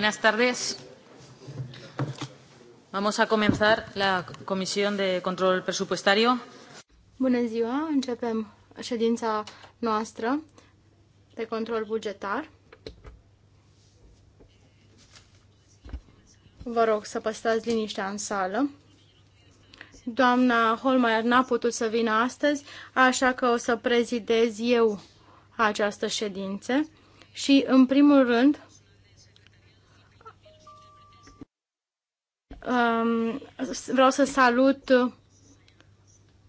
Buenas tardes. Vamos a comenzar la Comisión de Control Presupuestario. Buenas ziua, începem ședința noastră de control bugetar. Vă rog să păstrați liniștea în sală. Doamna Holmeier n-a putut să vină astăzi, așa că o să prezidez eu această ședință. Și, în primul rând, Um, vreau să salut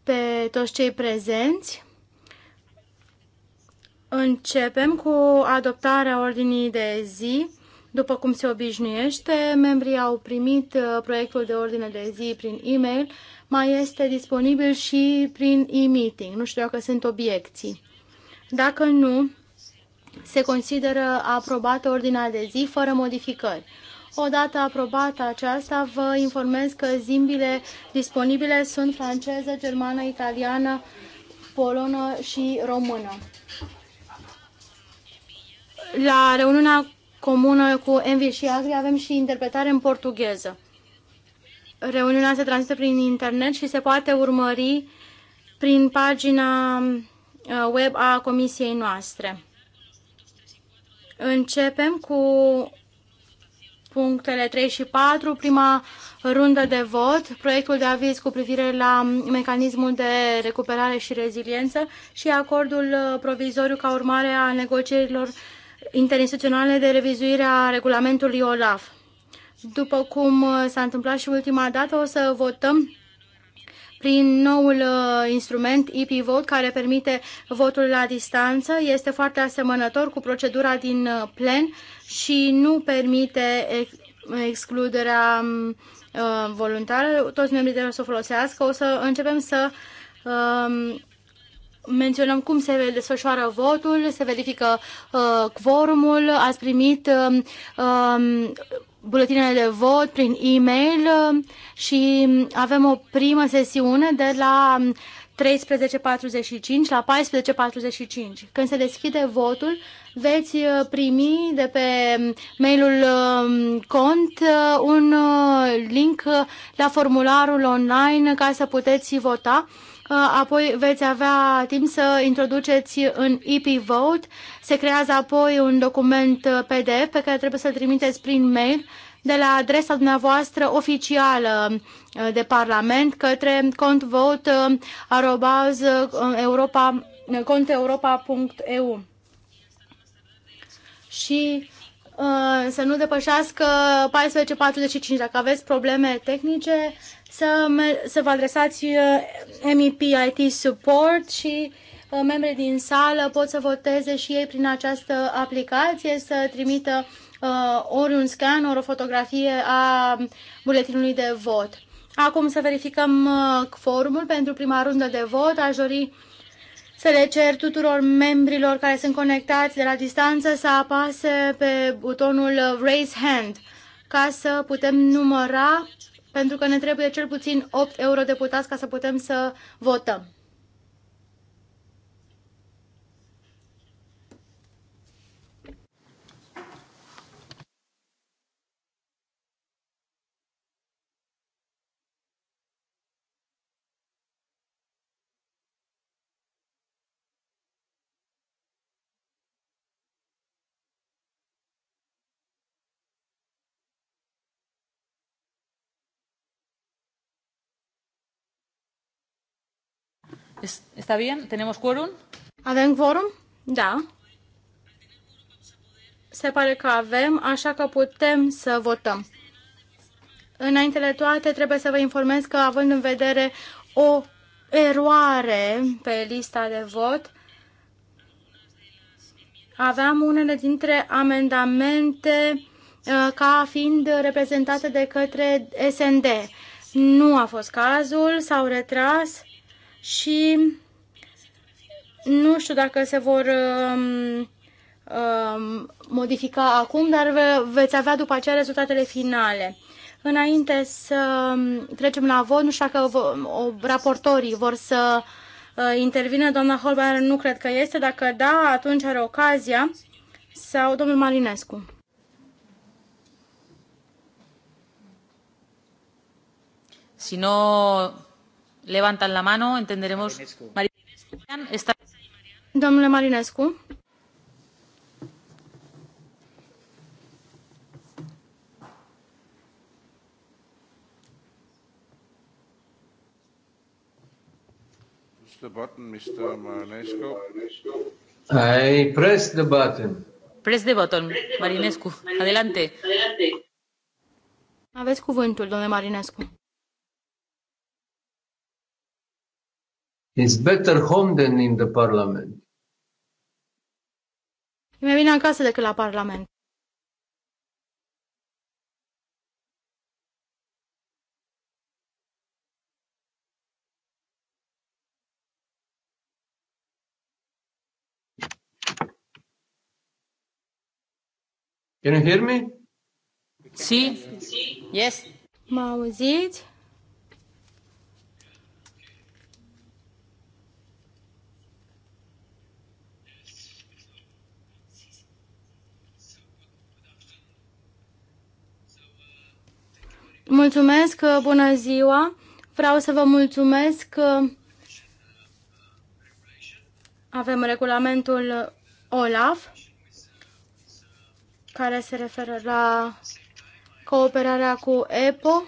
pe toți cei prezenți. Începem cu adoptarea ordinii de zi. După cum se obișnuiește, membrii au primit uh, proiectul de ordine de zi prin e-mail. Mai este disponibil și prin e-meeting. Nu știu dacă sunt obiecții. Dacă nu, se consideră aprobată ordinea de zi fără modificări. Odată aprobată aceasta, vă informez că zimbile disponibile sunt franceză, germană, italiană, polonă și română. La reuniunea comună cu Envi și Agri avem și interpretare în portugheză. Reuniunea se transmite prin internet și se poate urmări prin pagina uh, web a comisiei noastre. Începem cu punctele 3 și 4, prima rundă de vot, proiectul de aviz cu privire la mecanismul de recuperare și reziliență și acordul uh, provizoriu ca urmare a negocierilor interinstituționale de revizuire a regulamentului OLAF. După cum uh, s-a întâmplat și ultima dată, o să votăm prin noul uh, instrument e-Vote care permite votul la distanță. Este foarte asemănător cu procedura din uh, plen și nu permite excluderea um, uh, voluntară. Toți membrii trebuie să o folosească. O să începem să um, menționăm cum se desfășoară votul, se verifică uh, quorumul, ați primit uh, uh, buletinele de vot prin e-mail um, și avem o primă sesiune de la 13.45 la 14.45. Când se deschide votul, veți uh, primi de pe um, mailul um, cont uh, un uh, link la formularul online ca să puteți vota Uh, apoi veți avea timp să introduceți în EP Vote, se creează apoi un document uh, PDF pe care trebuie să-l trimiteți prin mail de la adresa dumneavoastră oficială uh, de Parlament către contvote@europa.eu. și să nu depășească 14.45. Dacă aveți probleme tehnice, să, să vă adresați uh, MEP IT Support și uh, membrii din sală pot să voteze și ei prin această aplicație, să trimită uh, ori un scan, ori o fotografie a buletinului de vot. Acum să verificăm uh, formul pentru prima rundă de vot. Aș dori uh, să le cer tuturor membrilor care sunt conectați de la distanță să apase pe butonul Raise Hand ca să putem număra, pentru că ne trebuie cel puțin 8 eurodeputați ca să putem să votăm. ¿Está bien? ¿Tenemos quórum? Avem quórum? Da. Se pare că avem, așa că putem să votăm. Înainte de toate, trebuie să vă informez că, având în vedere o eroare pe lista de vot, aveam unele dintre amendamente uh, ca fiind reprezentate de către SND. Nu a fost cazul, s-au retras și nu știu dacă se vor um, um, modifica acum, dar ve veți avea după aceea rezultatele finale. Înainte să um, trecem la vot, nu știu dacă raportorii vor să uh, intervină Doamna Holbeier nu cred că este. Dacă da, atunci are ocazia. Sau domnul Marinescu. Si no, levantan la mano, entenderemos. Domnule Marinescu. the button, Mr. Marinescu. I press the button. Press the button, Marinescu. Adelante. Aveți cuvântul, domnule Marinescu. is better home than in the parliament. E mai bine acasă decât la parlament. Can you hear me? Si. Si. Yes. Mă auziți? Mulțumesc, uh, bună ziua! Vreau să vă mulțumesc că avem regulamentul OLAF care se referă la cooperarea cu EPO.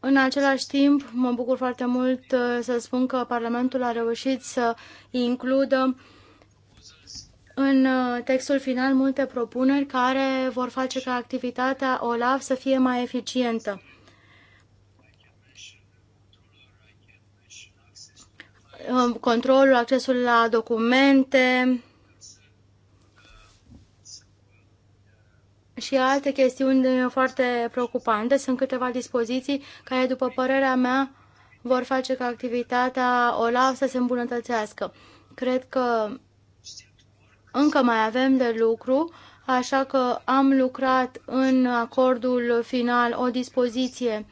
În același timp, mă bucur foarte mult uh, să spun că Parlamentul a reușit să includă în uh, textul final multe propuneri care vor face ca activitatea OLAF să fie mai eficientă. Uh, controlul, accesul la documente și alte chestiuni uh, foarte preocupante. Sunt câteva dispoziții care, după părerea mea, vor face ca activitatea OLAF să se îmbunătățească. Cred că încă mai avem de lucru, așa că am lucrat în acordul final o dispoziție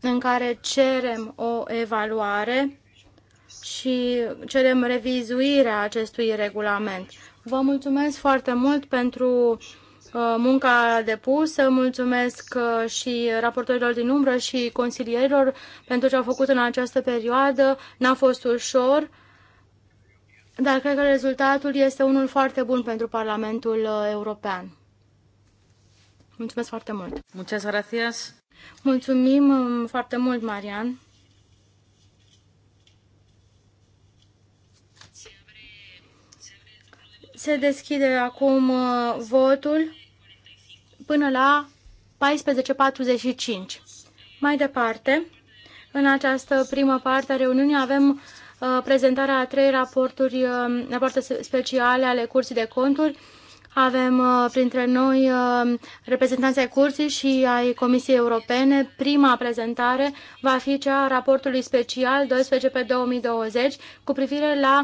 în care cerem o evaluare și cerem revizuirea acestui regulament. Vă mulțumesc foarte mult pentru uh, munca depusă, mulțumesc uh, și raportorilor din umbră și consilierilor pentru ce au făcut în această perioadă. N-a fost ușor dar cred că rezultatul este unul foarte bun pentru Parlamentul uh, European. Mulțumesc foarte mult! Muchas gracias! Mulțumim um, foarte mult, Marian! Se deschide acum uh, votul până la 14.45. Mai departe, în această primă parte a reuniunii avem Uh, prezentarea a trei raporturi, uh, rapoarte speciale ale Curții de Conturi. Avem uh, printre noi reprezentanța ai Curții și ai Comisiei Europene. Prima prezentare va fi cea a raportului special 12 pe 2020 cu privire la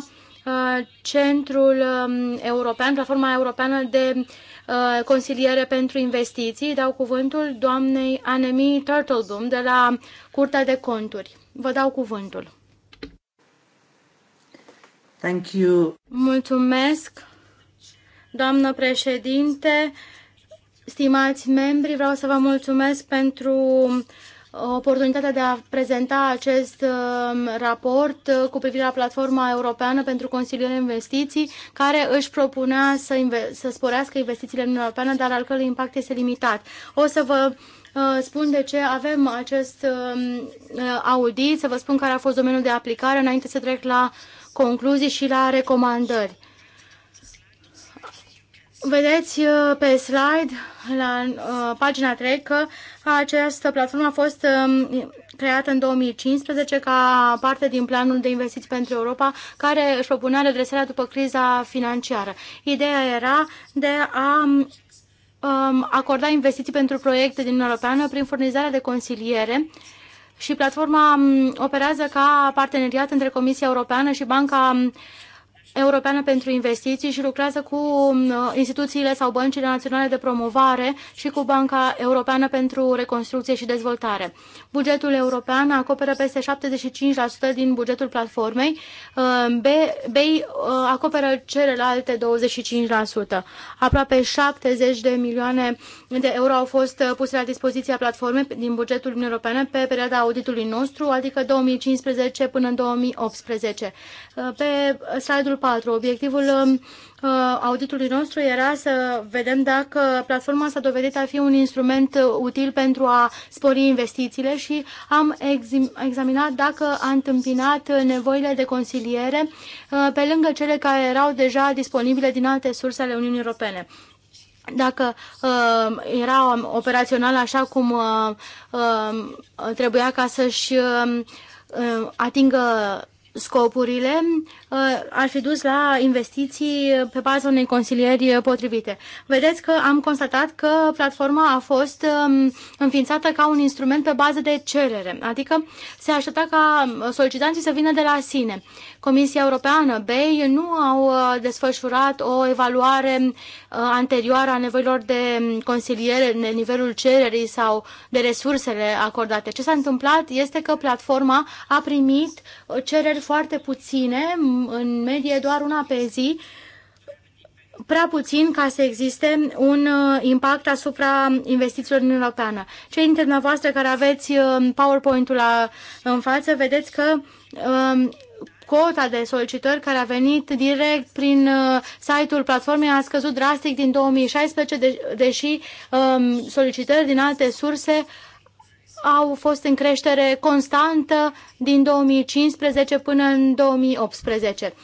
Centrul um, European, Platforma Europeană de Consiliere pentru Investiții. Dau cuvântul doamnei Anemie Turtleboom de la Curtea de Conturi. Vă dau cuvântul. Thank you. Mulțumesc, doamnă președinte, stimați membri, vreau să vă mulțumesc pentru uh, oportunitatea de a prezenta acest um, raport uh, cu privire la platforma europeană pentru consiliere investiții, care își propunea să, să sporească investițiile în Europeană, dar al cărui impact este limitat. O să vă uh, spun de ce avem acest um, audit, să vă spun care a fost domeniul de aplicare înainte să trec la uh, concluzii și la recomandări. Vedeți uh, pe slide, la uh, pagina 3, că această platformă a fost uh, creată în 2015 ca parte din planul de investiții pentru Europa, care își propunea redresarea după criza financiară. Ideea era de a um, acorda investiții pentru proiecte din Europeană prin furnizarea de consiliere uh, și platforma mm, operează ca parteneriat între Comisia Europeană și Banca mm, Europeană pentru Investiții și lucrează cu uh, instituțiile sau băncile naționale de promovare și cu Banca Europeană pentru Reconstrucție și Dezvoltare. Bugetul european acoperă peste 75% din bugetul platformei, uh, BEI uh, acoperă celelalte 25%. Aproape 70 de milioane de euro au fost puse la dispoziția platformei din bugetul Uniunii Europene pe perioada auditului nostru, adică 2015 până în 2018. Pe slide-ul 4. Obiectivul um, uh, auditului nostru era să vedem dacă platforma s-a dovedit a fi un instrument uh, util pentru a spori investițiile și am examinat dacă a întâmpinat uh, nevoile de consiliere pe lângă cele care erau deja disponibile din alte surse ale Uniunii Europene dacă uh, era operațional așa cum uh, uh, trebuia ca să-și uh, atingă scopurile uh, ar fi dus la investiții pe baza unei consilieri potrivite. Vedeți că am constatat că platforma a fost um, înființată ca un instrument pe bază de cerere, adică se aștepta ca solicitanții să vină de la sine. Comisia Europeană, BEI, nu au uh, desfășurat o evaluare uh, anterioară a nevoilor de consiliere de nivelul cererii sau de resursele acordate. Ce s-a întâmplat este că platforma a primit cereri foarte puține, în medie doar una pe zi, prea puțin ca să existe un uh, impact asupra investițiilor în Europeană. Cei dintre dumneavoastră care aveți uh, PowerPoint-ul la, în față, vedeți că um, cota de solicitări care a venit direct prin uh, site-ul platformei a scăzut drastic din 2016, de, deși um, solicitări din alte surse au fost în creștere constantă din 2015 până în 2018.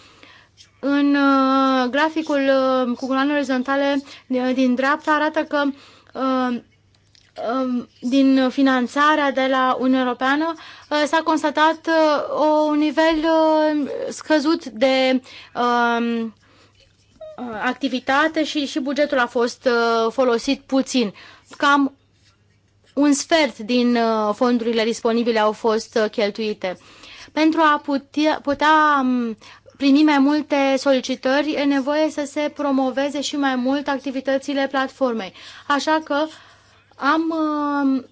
În uh, graficul uh, cu culoane orizontale uh, din dreapta arată că um, din finanțarea de la Uniunea Europeană s-a constatat un nivel scăzut de um, activitate și, și bugetul a fost folosit puțin, cam un sfert din uh, fondurile disponibile au fost uh, cheltuite. Pentru a putea, putea um, primi mai multe solicitări, e nevoie să se promoveze și mai mult activitățile platformei. Așa că am um,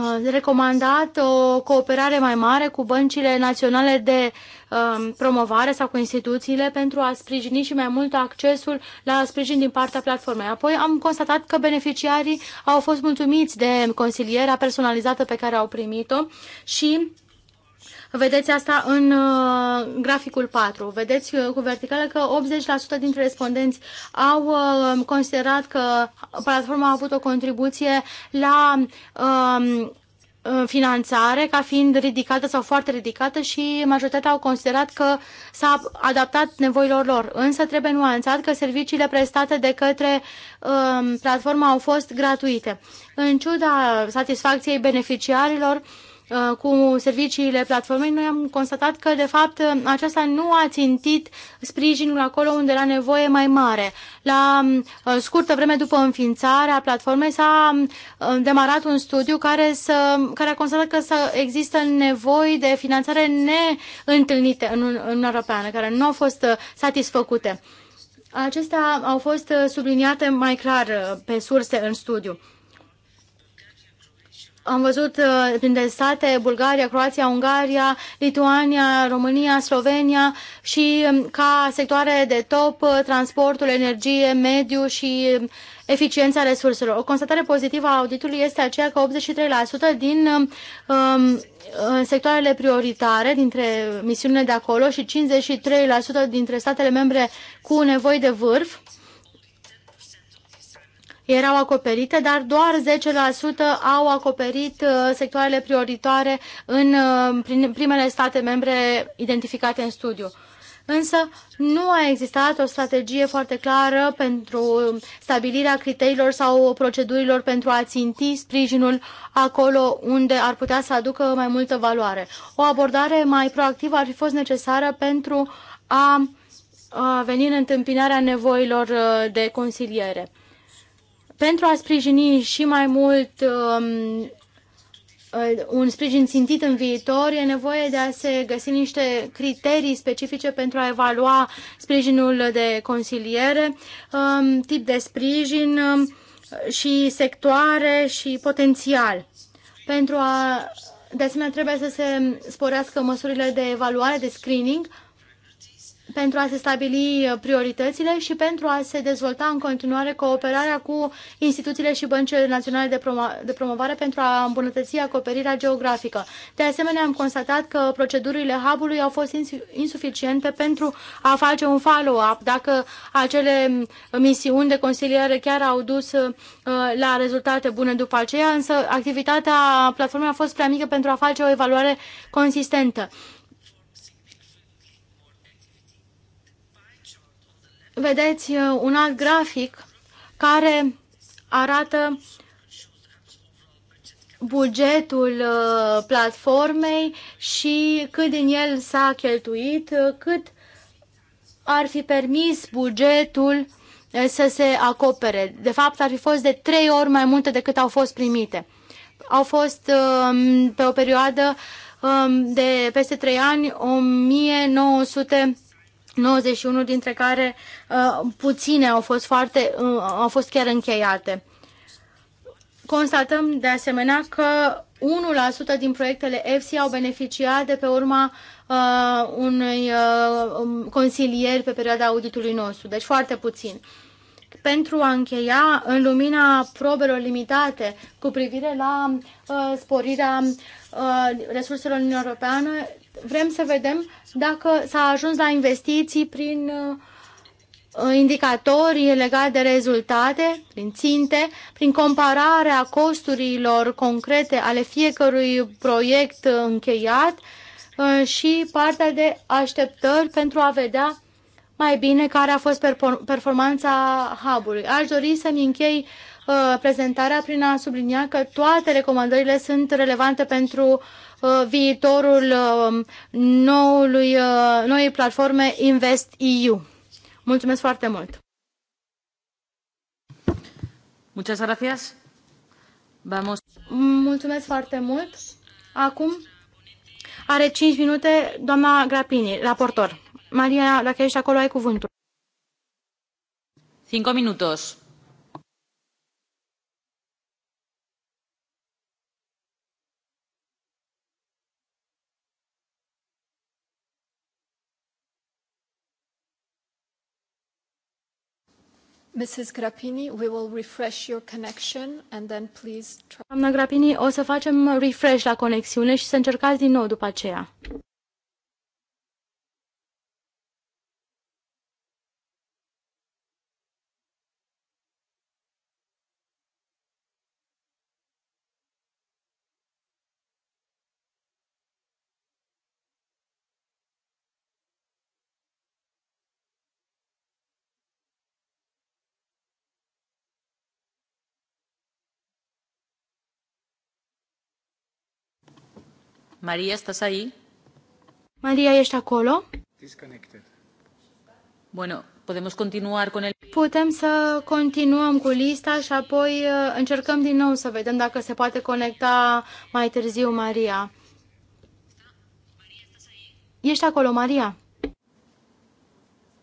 uh, recomandat o cooperare mai mare cu băncile naționale de Um, promovare sau cu instituțiile pentru a sprijini și mai mult accesul la sprijin din partea platformei. Apoi am constatat că beneficiarii au fost mulțumiți de consilierea personalizată pe care au primit-o și Vedeți asta în uh, graficul 4. Vedeți uh, cu verticală că 80% dintre respondenți au uh, considerat că platforma a avut o contribuție la um, finanțare ca fiind ridicată sau foarte ridicată și majoritatea au considerat că s-a adaptat nevoilor lor. Însă trebuie nuanțat că serviciile prestate de către um, platforma au fost gratuite. În ciuda satisfacției beneficiarilor, uh, Uh, cu serviciile platformei, noi am constatat că, de fapt, aceasta nu a țintit sprijinul acolo unde era nevoie mai mare. La um, uh, scurtă vreme după înființarea platformei s-a um, uh, demarat un studiu care, să, care a constatat că să există nevoi de finanțare neîntâlnite în Uniunea Europeană, care nu au fost satisfăcute. Acestea au fost subliniate mai clar pe surse în studiu am văzut uh, printre state Bulgaria, Croația, Ungaria, Lituania, România, Slovenia și um, ca sectoare de top uh, transportul, energie, mediu și um, eficiența resurselor. O constatare pozitivă a auditului este aceea că 83% din um, um uh, sectoarele prioritare dintre misiunile de acolo și 53% dintre statele membre cu nevoi de vârf erau acoperite, dar doar 10% au acoperit uh, sectoarele prioritare în uh, primele state membre identificate în studiu. Însă nu a existat o strategie foarte clară pentru stabilirea criteriilor sau procedurilor pentru a ținti sprijinul acolo unde ar putea să aducă mai multă valoare. O abordare mai proactivă ar fi fost necesară pentru a veni în întâmpinarea nevoilor uh, de consiliere pentru a sprijini și mai mult um, uh, un sprijin țintit în viitor, e nevoie de a se găsi niște criterii specifice pentru a evalua sprijinul de consiliere, um, tip de sprijin um, și sectoare și potențial. Pentru a, de asemenea, trebuie să se sporească măsurile de evaluare, de screening, pentru a se stabili uh, prioritățile și pentru a se dezvolta în continuare cooperarea cu instituțiile și băncile naționale de, promo- de promovare pentru a îmbunătăți acoperirea geografică. De asemenea, am constatat că procedurile hub-ului au fost insuficiente pentru a face un follow-up dacă acele uh, misiuni de consiliere chiar au dus uh, la rezultate bune după aceea, însă activitatea platformei a fost prea mică pentru a face o evaluare consistentă. vedeți uh, un alt grafic care arată bugetul uh, platformei și cât din el s-a cheltuit, uh, cât ar fi permis bugetul să se acopere. De fapt, ar fi fost de trei ori mai multe decât au fost primite. Au fost um, pe o perioadă um, de peste trei ani 1900 91 dintre care uh, puține au fost, foarte, uh, au fost chiar încheiate. Constatăm de asemenea că 1% din proiectele EFSI au beneficiat de pe urma uh, unui uh, um, consilier pe perioada auditului nostru, deci foarte puțin. Pentru a încheia, în lumina probelor limitate cu privire la uh, sporirea uh, resurselor în Europeană, vrem să vedem dacă s-a ajuns la investiții prin uh, indicatori legați de rezultate, prin ținte, prin compararea costurilor concrete ale fiecărui proiect încheiat uh, și partea de așteptări pentru a vedea mai bine care a fost performanța hub-ului. Aș dori să-mi închei uh, prezentarea prin a sublinia că toate recomandările sunt relevante pentru Uh, viitorul uh, noului, uh, noii platforme Invest EU. Mulțumesc foarte mult! Muchas gracias. Vamos. Mulțumesc foarte mult. Acum are 5 minute doamna Grapini, raportor. Maria, dacă ești acolo, ai cuvântul. 5 minutos. Mrs. Grappini, we will refresh your connection and then please... Doamna Grappini, o să facem refresh la conexiune și să încercați din nou după aceea. Maria, ¿estás ahí? Maria, ești acolo? Disconnected. Bueno, podemos continuar con el... Putem să continuăm cu lista și apoi uh, încercăm din nou să vedem dacă se poate conecta mai târziu Maria. Ești acolo, Maria?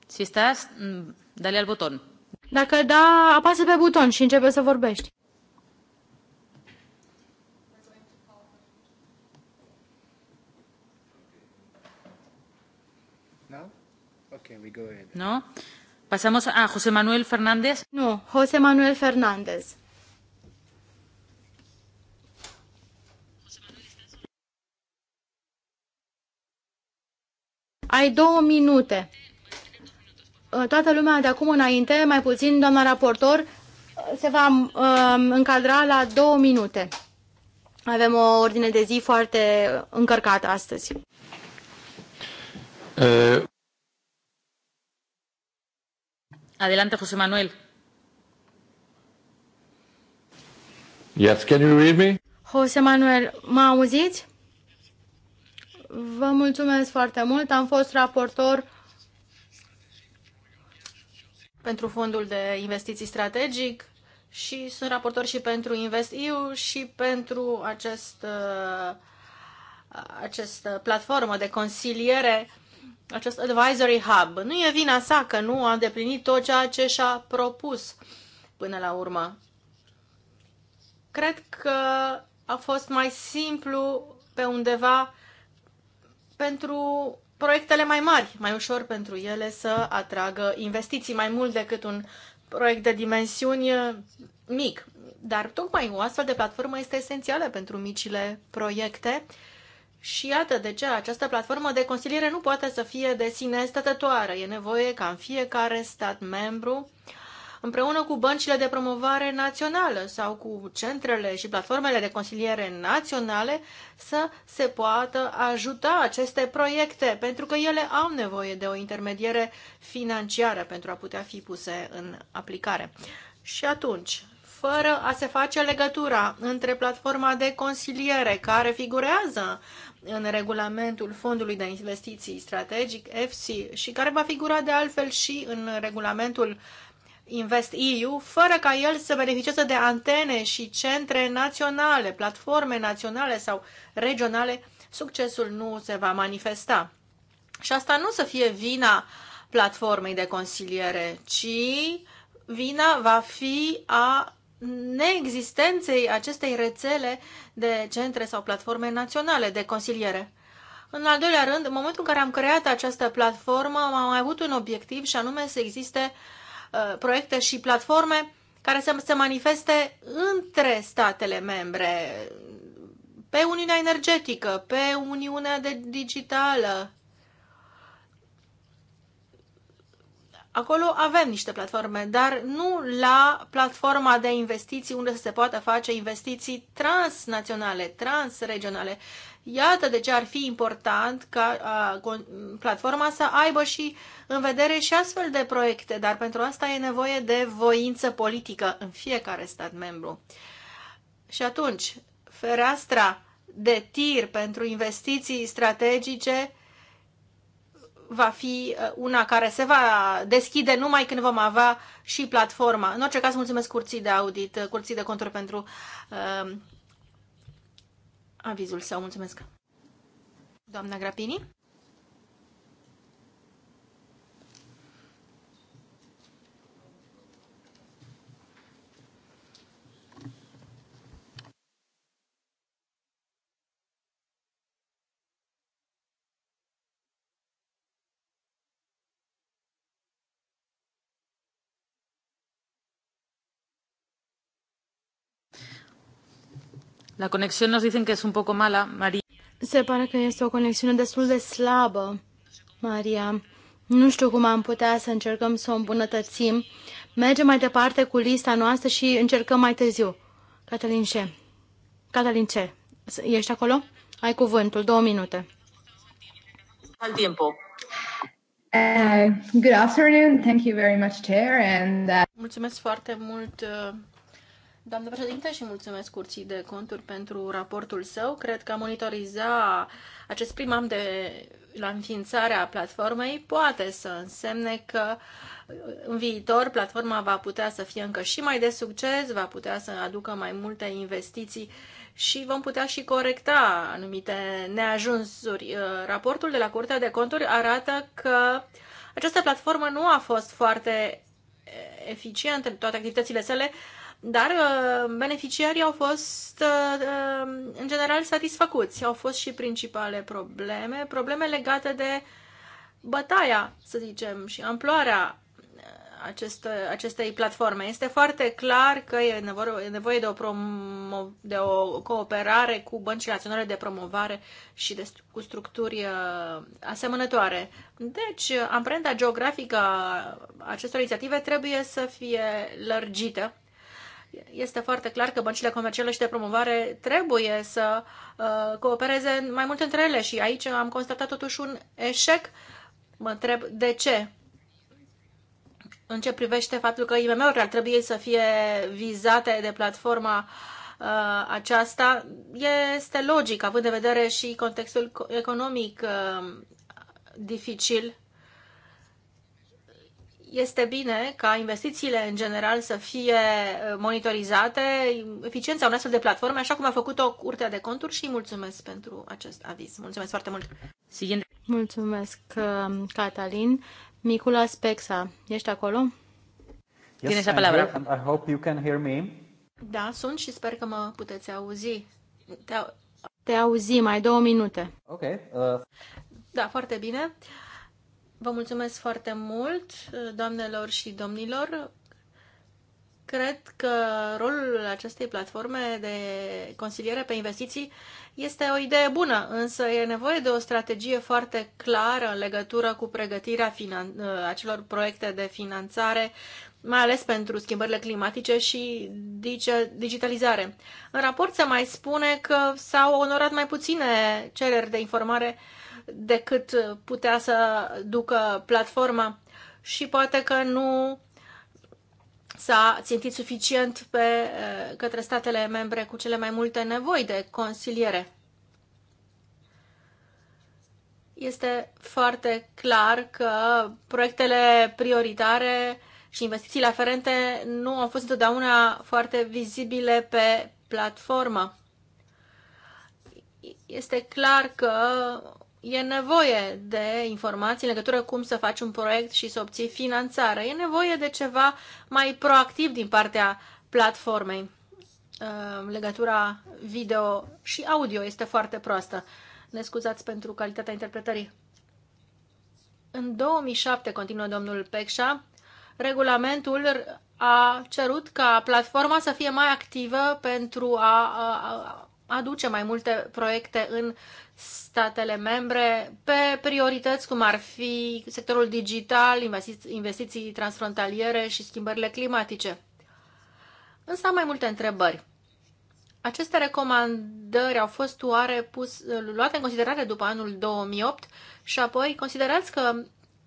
Si estás, mm, dale al buton. Dacă da, apasă pe buton și începe să vorbești. No? Pasamos a José Manuel Fernández. No, José Manuel Fernández. Ai două minute. Uh, toată lumea de acum înainte, mai puțin doamna raportor, uh, se va um, încadra la două minute. Avem o ordine de zi foarte încărcată astăzi. Uh, Adelante, José Manuel. Yes, can you read me? José Manuel, mă auziți? Vă mulțumesc foarte mult. Am fost raportor pentru fondul de investiții strategic și sunt raportor și pentru InvestEU și pentru uh, acest, platformă de consiliere acest advisory hub. Nu e vina sa că nu a îndeplinit tot ceea ce și-a propus până la urmă. Cred că a fost mai simplu pe undeva pentru proiectele mai mari, mai ușor pentru ele să atragă investiții mai mult decât un proiect de dimensiuni mic. Dar tocmai o astfel de platformă este esențială pentru micile proiecte și iată de ce această platformă de consiliere nu poate să fie de sine stătătoare. E nevoie ca în fiecare stat membru, împreună cu băncile de promovare națională sau cu centrele și platformele de consiliere naționale, să se poată ajuta aceste proiecte, pentru că ele au nevoie de o intermediere financiară pentru a putea fi puse în aplicare. Și atunci, fără a se face legătura între platforma de consiliere care figurează în regulamentul Fondului de Investiții Strategic, EFSI, și care va figura de altfel și în regulamentul Invest EU, fără ca el să beneficieze de antene și centre naționale, platforme naționale sau regionale, succesul nu se va manifesta. Și asta nu să fie vina platformei de consiliere, ci vina va fi a neexistenței acestei rețele de centre sau platforme naționale de consiliere. În al doilea rând, în momentul în care am creat această platformă, am mai avut un obiectiv și anume să existe uh, proiecte și platforme care să se manifeste între statele membre, pe Uniunea Energetică, pe Uniunea de Digitală, Acolo avem niște platforme, dar nu la platforma de investiții unde se poate face investiții transnaționale, transregionale. Iată de ce ar fi important ca a, platforma să aibă și în vedere și astfel de proiecte, dar pentru asta e nevoie de voință politică în fiecare stat membru. Și atunci, fereastra de tir pentru investiții strategice va fi uh, una care se va deschide numai când vom avea și platforma. În orice caz, mulțumesc curții de audit, uh, curții de conturi pentru uh, avizul său. Mulțumesc. Doamna Grapini? La conexión nos dicen que es un poco mala, María. Se pare că este o conexiune destul de slabă, Maria. Nu știu cum am putea să încercăm să o îmbunătățim. Mergem mai departe cu lista noastră și încercăm mai târziu. Catalin ce? Catalin ce? Ești acolo? Ai cuvântul, două minute. Al tiempo. Uh, good afternoon, thank you very much, Chair. And, uh... Mulțumesc foarte mult, uh, doamnă președinte, și mulțumesc Curții de Conturi pentru raportul său. Cred că monitoriza acest prim an de la înființarea platformei poate să însemne că în viitor platforma va putea să fie încă și mai de succes, va putea să aducă mai multe investiții și vom putea și corecta anumite neajunsuri. Uh, raportul de la Curtea de Conturi arată că această platformă nu a fost foarte eficientă în toate activitățile sale, dar uh, beneficiarii au fost, uh, uh, în general, satisfăcuți. Au fost și principale probleme, probleme legate de bătaia, să zicem, și amploarea acest, acestei platforme. Este foarte clar că e nevoie, e nevoie de, o promo, de o cooperare cu băncile naționale de promovare și de, cu structuri asemănătoare. Deci, amprenta geografică a acestor inițiative trebuie să fie lărgită este foarte clar că băncile comerciale și de promovare trebuie să uh, coopereze mai mult între ele și aici am constatat totuși un eșec. Mă întreb de ce. În ce privește faptul că IMM-urile ar trebui să fie vizate de platforma uh, aceasta, este logic, având în vedere și contextul economic uh, dificil este bine ca investițiile în general să fie uh, monitorizate, eficiența unei astfel de platforme, așa cum a făcut-o Curtea de Conturi și mulțumesc pentru acest aviz. Mulțumesc foarte mult! Mulțumesc, uh, Catalin. Micula Spexa, ești acolo? Yes, la palabra. I hope you can hear me. Da, sunt și sper că mă puteți auzi. Te, te auzi, mai două minute. Ok. Uh... Da, foarte bine. Uh, Vă mulțumesc foarte mult, doamnelor și domnilor. Cred că rolul acestei platforme de consiliere pe investiții este o idee bună, însă e nevoie de o strategie foarte clară în legătură cu pregătirea acelor proiecte de finanțare, mai ales pentru schimbările climatice și digitalizare. În raport se mai spune că s-au onorat mai puține cereri de informare uh, decât putea să ducă platforma și poate că nu s-a țintit suficient pe, eh, către statele membre cu cele mai multe nevoi de consiliere. Este foarte clar că proiectele prioritare și investițiile aferente nu au fost întotdeauna foarte vizibile pe platformă. Este clar că e nevoie de informații în legătură cum să faci un proiect și să obții finanțare. E nevoie de ceva mai proactiv din partea platformei. Uh, legătura video și audio este foarte proastă. Ne scuzați pentru calitatea interpretării. În 2007, continuă domnul Pecșa, regulamentul a cerut ca platforma să fie mai activă pentru a, a, a aduce mai multe proiecte în statele membre pe priorități cum ar fi sectorul digital, investiții, investiții transfrontaliere și schimbările climatice. Însă am mai multe întrebări. Aceste recomandări au fost oare pus, luate în considerare după anul 2008 și apoi considerați că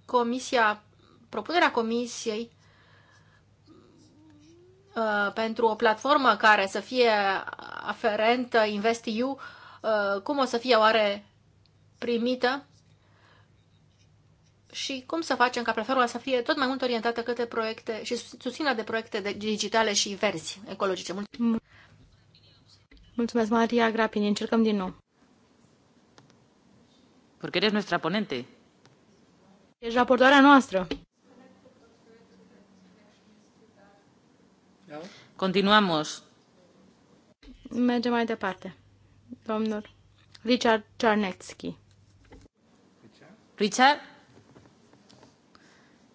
comisia, propunerea comisiei Uh, pentru o platformă care să fie aferentă InvestEU, uh, cum o să fie oare primită și cum să facem ca platforma să fie tot mai mult orientată către proiecte și susțină de proiecte digitale și verzi, ecologice. Mulțumesc, Maria Grapini. Încercăm din nou. Porque eres nuestra ponente. la portadora nuestra. Continuamos. Mergem mai departe. Domnul Richard Czarnecki. Richard?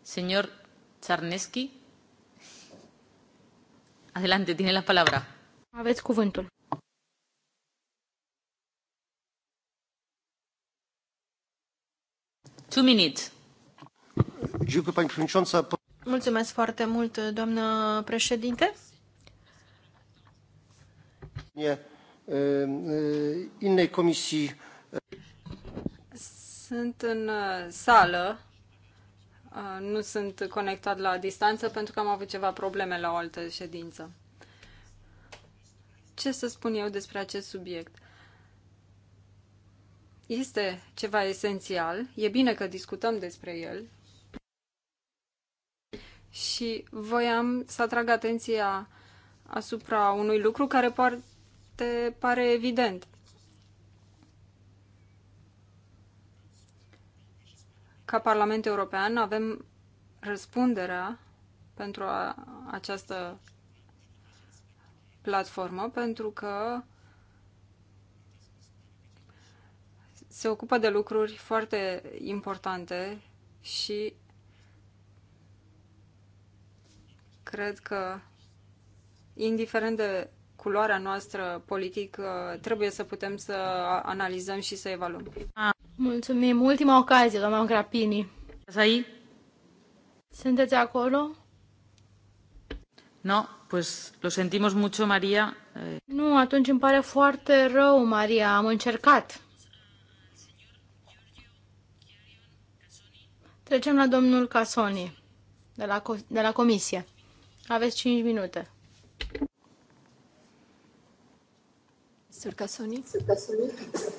Señor Czarnecki? Adelante, tiene la palabra. Aveți cuvântul. Two minutes. Mulțumesc foarte mult, doamnă președinte innej Sunt în sală, nu sunt conectat la distanță pentru că am avut ceva probleme la o altă ședință. Ce să spun eu despre acest subiect? Este ceva esențial, e bine că discutăm despre el și voiam să atrag atenția asupra unui lucru care poate parte pare evident. Ca Parlament European avem răspunderea pentru a, această platformă, pentru că se ocupă de lucruri foarte importante și cred că, indiferent de culoarea noastră politică, trebuie să putem să analizăm și să evaluăm. Mulțumim. Ultima ocazie, doamna Grapini. Să Sunteți acolo? No, pues lo sentimos mucho, Maria. Eh, nu, atunci îmi pare foarte rău, Maria. Am încercat. Trecem la domnul Casoni, de la, de la comisie. Aveți 5 minute.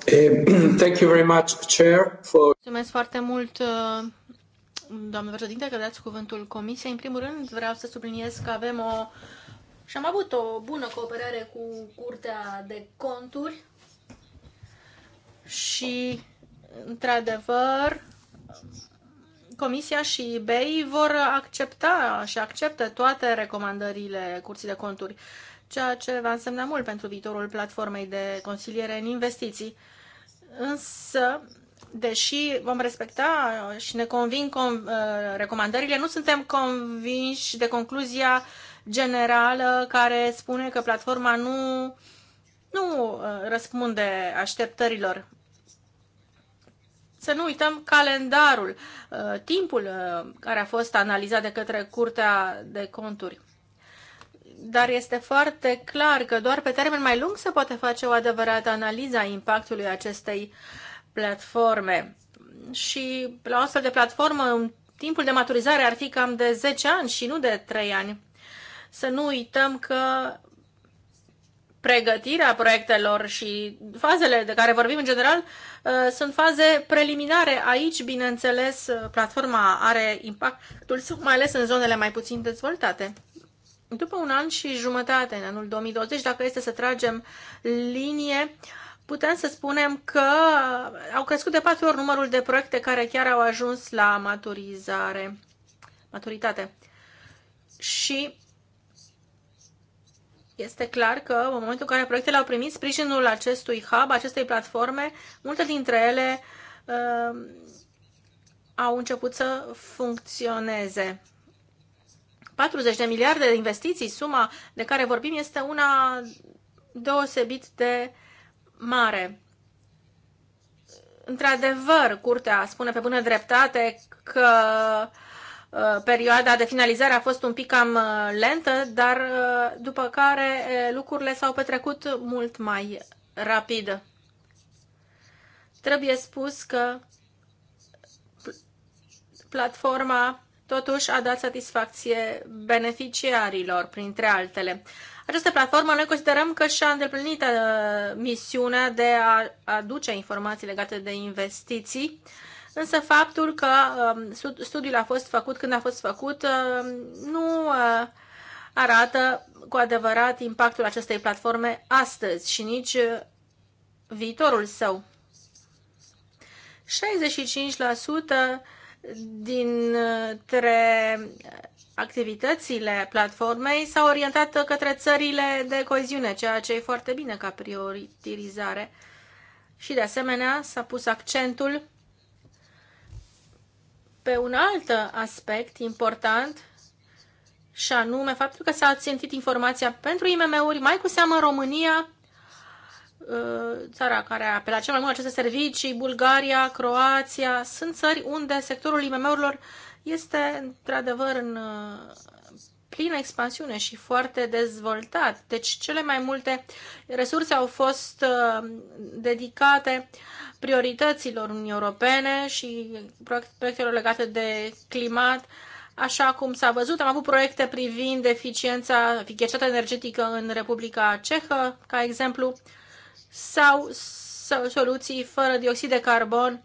Eh, thank you very much, Chair, for... Mulțumesc foarte mult, uh, doamnă președinte, că dați cuvântul Comisiei. În primul rând, vreau să subliniez că avem o... și am avut o bună cooperare cu Curtea de Conturi și, într-adevăr, Comisia și BEI vor accepta și acceptă toate recomandările Curții de Conturi. Uh, ceea ce va însemna mult pentru viitorul platformei de consiliere în investiții. Însă, deși vom respecta și ne convin com, uh, recomandările, nu suntem convinși de concluzia generală care spune că platforma nu, nu uh, răspunde așteptărilor. Să nu uităm calendarul, uh, timpul care a fost analizat de către Curtea de Conturi dar este foarte clar că doar pe termen mai lung se poate face o adevărată analiză a impactului acestei platforme. Și la o astfel de platformă, timpul de maturizare ar fi cam de 10 ani și nu de 3 ani. Să nu uităm că pregătirea proiectelor și fazele de care vorbim în general uh, sunt faze preliminare. Aici, bineînțeles, uh, platforma are impactul, mai ales în zonele mai puțin dezvoltate. După un an și jumătate, în anul 2020, dacă este să tragem linie, putem să spunem că au crescut de patru ori numărul de proiecte care chiar au ajuns la maturizare, maturitate. Și este clar că în momentul în care proiectele au primit sprijinul acestui hub, acestei platforme, multe dintre ele uh, au început să funcționeze. 40 de miliarde de investiții, suma de care vorbim este una deosebit de mare. Într-adevăr, curtea spune pe bună dreptate că uh, perioada de finalizare a fost un pic cam uh, lentă, dar uh, după care lucrurile s-au petrecut mult mai rapid. Trebuie spus că platforma totuși a dat satisfacție beneficiarilor, printre altele. Această platformă noi considerăm că și-a îndeplinit uh, misiunea de a aduce informații legate de investiții, însă faptul că um, studiul a fost făcut când a fost făcut uh, nu uh, arată cu adevărat impactul acestei platforme astăzi și nici viitorul său. 65% dintre activitățile platformei s-au orientat către țările de coeziune, ceea ce e foarte bine ca prioritizare. Și de asemenea s-a pus accentul pe un alt aspect important și anume faptul că s-a țintit informația pentru IMM-uri, mai cu seamă în România, Uh, țara care a apelat cel mai mult aceste servicii, Bulgaria, Croația, sunt țări unde sectorul IMM-urilor este într-adevăr în uh, plină expansiune și foarte dezvoltat. Deci cele mai multe resurse au fost uh, dedicate priorităților Uniunii Europene și proiectelor legate de climat, Așa cum s-a văzut, am avut proiecte privind eficiența, eficiența energetică în Republica Cehă, ca exemplu, sau soluții fără dioxid de carbon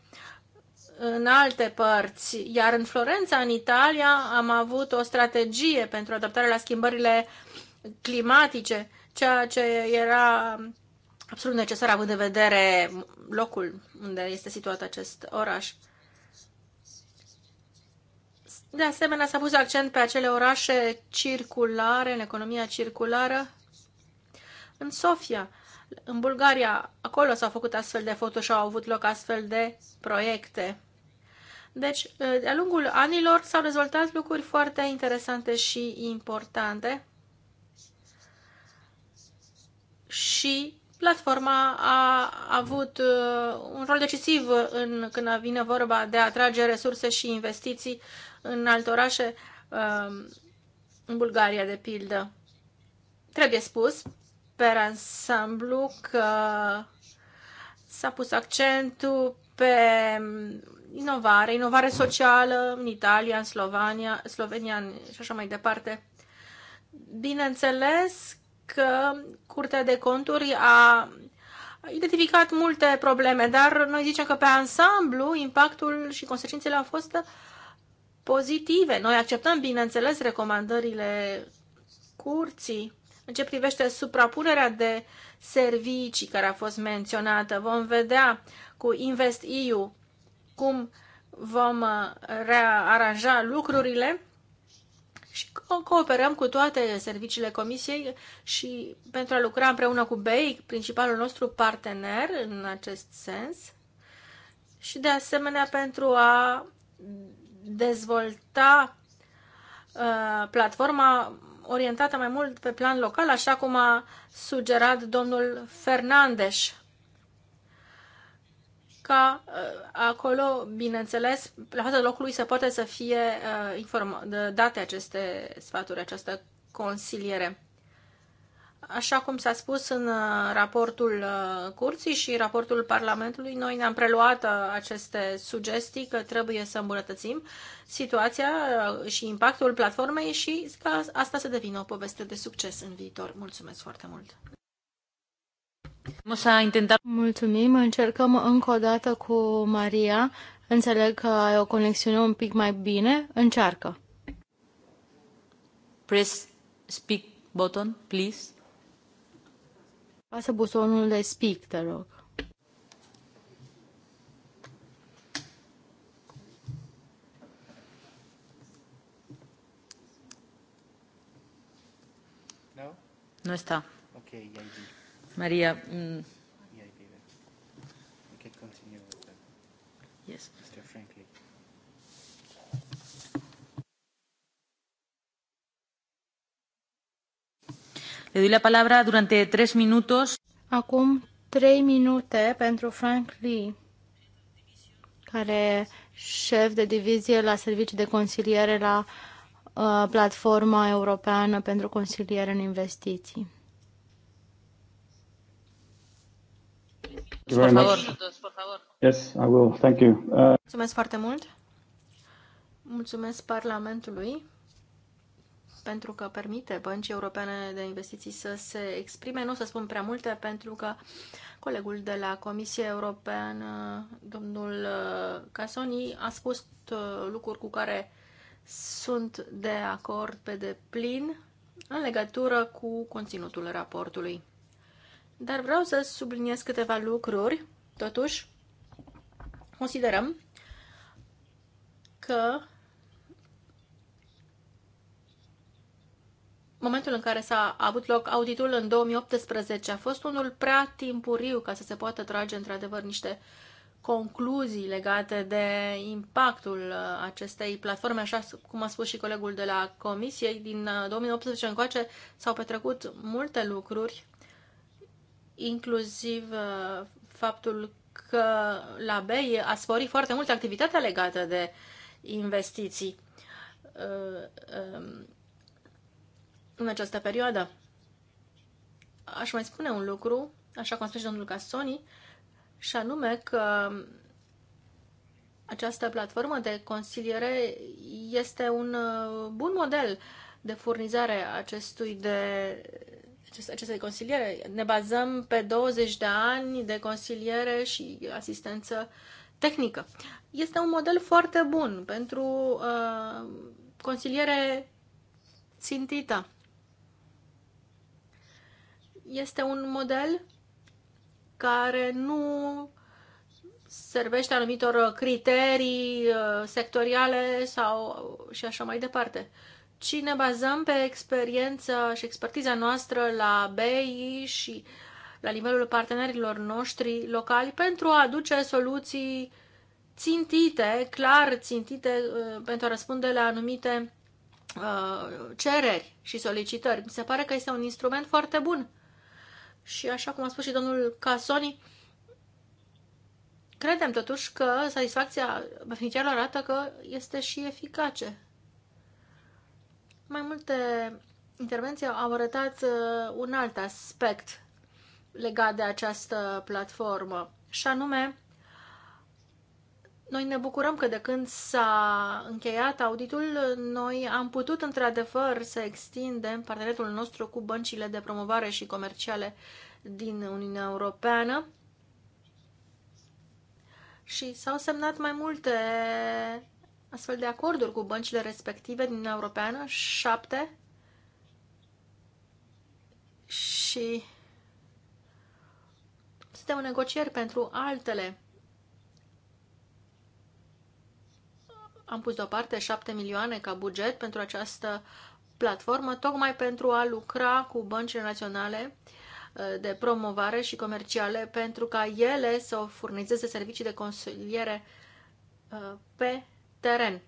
în alte părți. Iar în Florența, în Italia, am avut o strategie pentru adaptarea la schimbările climatice, ceea ce era absolut necesar având în vedere locul unde este situat acest oraș. De asemenea, s-a pus accent pe acele orașe circulare, în economia circulară. În Sofia în Bulgaria, acolo s-au făcut astfel de foto și au avut loc astfel de proiecte. Deci, de-a lungul anilor s-au rezultat lucruri foarte interesante și importante și platforma a avut uh, un rol decisiv în, când vine vorba de a atrage resurse și investiții în alte orașe, uh, în Bulgaria, de pildă. Trebuie spus pe ansamblu că s-a pus accentul pe inovare, inovare socială în Italia, în Slovenia, Slovenia și așa mai departe. Bineînțeles că Curtea de Conturi a identificat multe probleme, dar noi zicem că pe ansamblu impactul și consecințele au fost pozitive. Noi acceptăm, bineînțeles, recomandările curții în ce privește suprapunerea de servicii care a fost menționată, vom vedea cu InvestEU cum vom uh, rearanja lucrurile și cooperăm cu toate serviciile Comisiei și pentru a lucra împreună cu BEI, principalul nostru partener în acest sens, și de asemenea pentru a dezvolta uh, platforma orientată mai mult pe plan local, așa cum a sugerat domnul Fernandes. Ca uh, acolo, bineînțeles, la fața locului se poate să fie uh, date aceste sfaturi, această consiliere. Așa cum s-a spus în uh, raportul uh, curții și raportul Parlamentului, noi ne-am preluat uh, aceste sugestii că trebuie să îmbunătățim situația și impactul platformei și ca asta să devină o poveste de succes în viitor. Mulțumesc foarte mult! Mulțumim, încercăm încă o dată cu Maria. Înțeleg că ai o conexiune un pic mai bine. Încearcă. Press speak button, please. Apasă butonul de speak, te rog. No? Nu este. Ok, Maria, mm, Le doy la palabra durante tres minutos. Acum trei minute pentru Frank Lee, care șef de divizie la servicii de consiliere la uh, Platforma Europeană pentru Consiliere în Investiții. Por favor. Yes, I will. Thank you. Uh... Mulțumesc foarte mult. Mulțumesc Parlamentului pentru că permite Băncii Europene de Investiții să se exprime. Nu o să spun prea multe pentru că colegul de la Comisia Europeană, domnul uh, Casoni, a spus uh, lucruri cu care sunt de acord pe deplin în legătură cu conținutul raportului. Dar vreau să subliniez câteva lucruri. Totuși, considerăm că momentul în care s-a avut loc auditul în 2018 a fost unul prea timpuriu ca să se poată trage într-adevăr niște concluzii legate de impactul uh, acestei platforme, așa cum a spus și colegul de la comisie, din 2018 uh, încoace s-au petrecut multe lucruri, inclusiv uh, faptul că la BEI a sporit foarte mult activitatea legată de investiții um, în această perioadă. Aș mai spune un lucru, așa cum spune și domnul Castoni, și anume că această platformă de consiliere este un uh, bun model de furnizare acestui de acestei consiliere. Ne bazăm pe 20 de ani de consiliere și asistență tehnică. Este un model foarte bun pentru uh, consiliere țintită este un model care nu servește anumitor criterii uh, sectoriale sau și așa mai departe, ci ne bazăm pe experiența și expertiza noastră la BEI și la nivelul partenerilor noștri locali pentru a aduce soluții țintite, clar țintite uh, pentru a răspunde la anumite uh, cereri și solicitări. Mi se pare că este un instrument foarte bun și așa cum a spus și domnul Casoni, credem totuși că satisfacția beneficiarilor arată că este și eficace. Mai multe intervenții au arătat uh, un alt aspect legat de această platformă, și anume noi ne bucurăm că de când s-a încheiat auditul, noi am putut într-adevăr să extindem parteneriatul nostru cu băncile de promovare și comerciale din Uniunea Europeană și s-au semnat mai multe astfel de acorduri cu băncile respective din Uniunea Europeană, șapte, și suntem în negocieri pentru altele. am pus deoparte 7 milioane ca buget pentru această platformă, tocmai pentru a lucra cu băncile naționale uh, de promovare și comerciale, pentru ca ele să furnizeze servicii de consiliere uh, pe teren.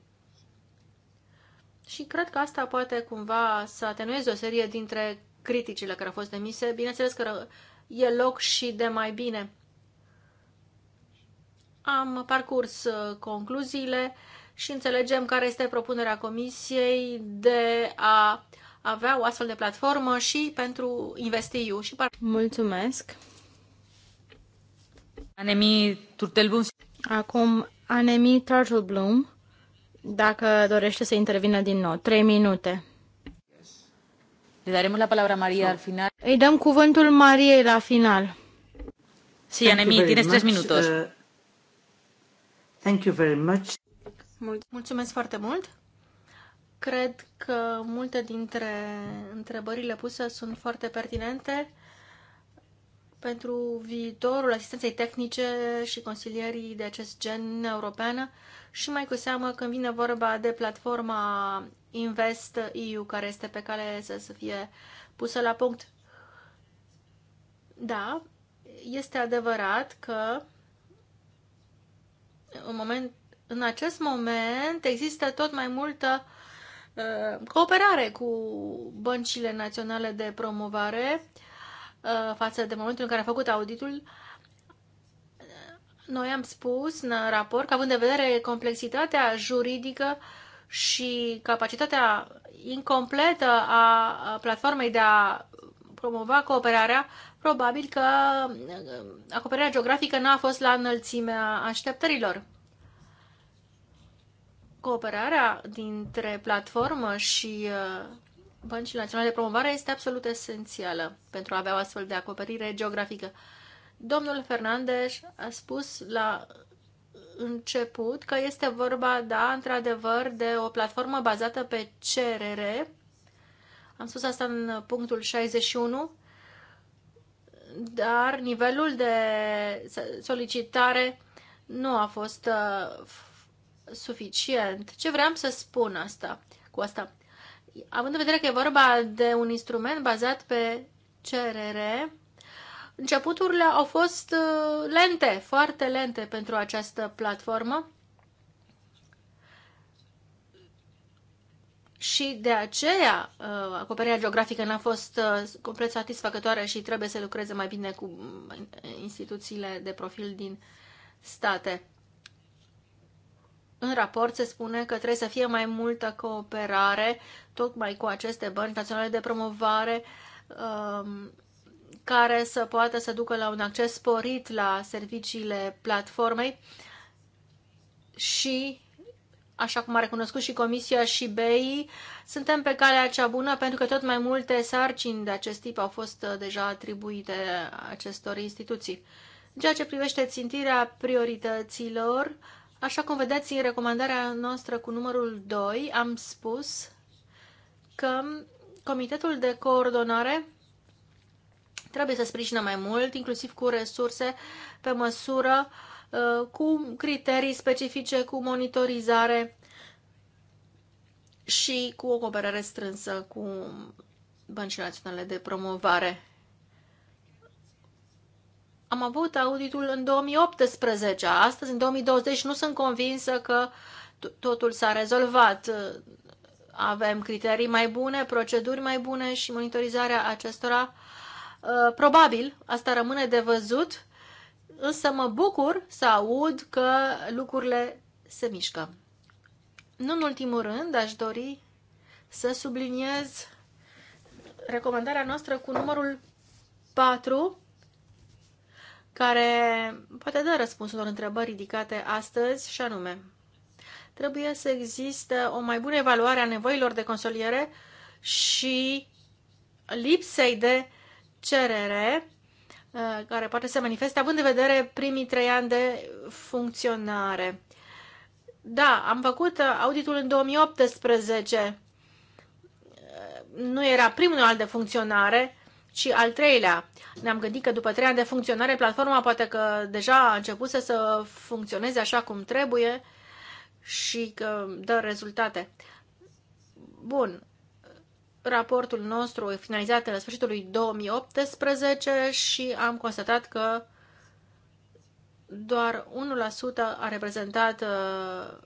Și cred că asta poate cumva să atenueze o serie dintre criticile care au fost demise. Bineînțeles că e loc și de mai bine. Am parcurs uh, concluziile și înțelegem care este propunerea Comisiei de a avea o astfel de platformă și pentru investiu. Și Mulțumesc! Anemi Turtelblum. Acum, Anemi Bloom, dacă dorește să intervină din nou. Trei minute. Le daremos la palabra a al final. Îi dăm cuvântul Mariei la final. Sí, Anemi, tienes tres minutos. Uh, thank you very much. Mulțumesc foarte mult! Cred că multe dintre întrebările puse sunt foarte pertinente pentru viitorul asistenței tehnice și consilierii de acest gen europeană și mai cu seamă când vine vorba de platforma Invest EU care este pe cale să, să fie pusă la punct. Da, este adevărat că în moment în acest moment există tot mai multă uh, cooperare cu băncile naționale de promovare uh, față de momentul în care a făcut auditul. Uh, noi am spus în raport că având de vedere complexitatea juridică și capacitatea incompletă a platformei de a promova cooperarea, probabil că acoperirea geografică n-a fost la înălțimea așteptărilor cooperarea dintre platformă și uh, Băncii naționale de promovare este absolut esențială pentru a avea o astfel de acoperire geografică. Domnul Fernandez a spus la început că este vorba, da, într-adevăr, de o platformă bazată pe cerere. Am spus asta în punctul 61, dar nivelul de solicitare nu a fost uh, suficient. Ce vreau să spun asta, cu asta? Având în vedere că e vorba de un instrument bazat pe cerere, începuturile au fost uh, lente, foarte lente pentru această platformă. Și de aceea uh, acoperirea geografică n-a fost uh, complet satisfăcătoare și trebuie să lucreze mai bine cu instituțiile de profil din state. În raport se spune că trebuie să fie mai multă cooperare tocmai cu aceste bani naționale de promovare um, care să poată să ducă la un acces sporit la serviciile platformei și, așa cum a recunoscut și Comisia și BEI, suntem pe calea cea bună pentru că tot mai multe sarcini de acest tip au fost uh, deja atribuite acestor instituții. În ceea ce privește țintirea priorităților, uh, Așa cum vedeți în recomandarea noastră cu numărul 2, am spus că Comitetul de Coordonare trebuie să sprijină mai mult, inclusiv cu resurse pe măsură, uh, cu criterii specifice, cu monitorizare și cu o cooperare strânsă cu băncile naționale de promovare. Am avut auditul în 2018, astăzi în 2020 nu sunt convinsă că totul s-a rezolvat. Avem criterii mai bune, proceduri mai bune și monitorizarea acestora. Uh, probabil, asta rămâne de văzut, însă mă bucur să aud că lucrurile se mișcă. Nu în ultimul rând, aș dori să subliniez recomandarea noastră cu numărul 4 care poate da răspunsul la întrebări ridicate astăzi și anume trebuie să există o mai bună evaluare a nevoilor de consoliere și lipsei de cerere uh, care poate să manifeste având în vedere primii trei ani de funcționare. Da, am făcut uh, auditul în 2018. Uh, nu era primul an de funcționare, și al treilea, ne-am gândit că după trei ani de funcționare, platforma poate că deja a început să funcționeze așa cum trebuie și că dă rezultate. Bun, raportul nostru e finalizat la sfârșitul lui 2018 și am constatat că doar 1% a reprezentat uh,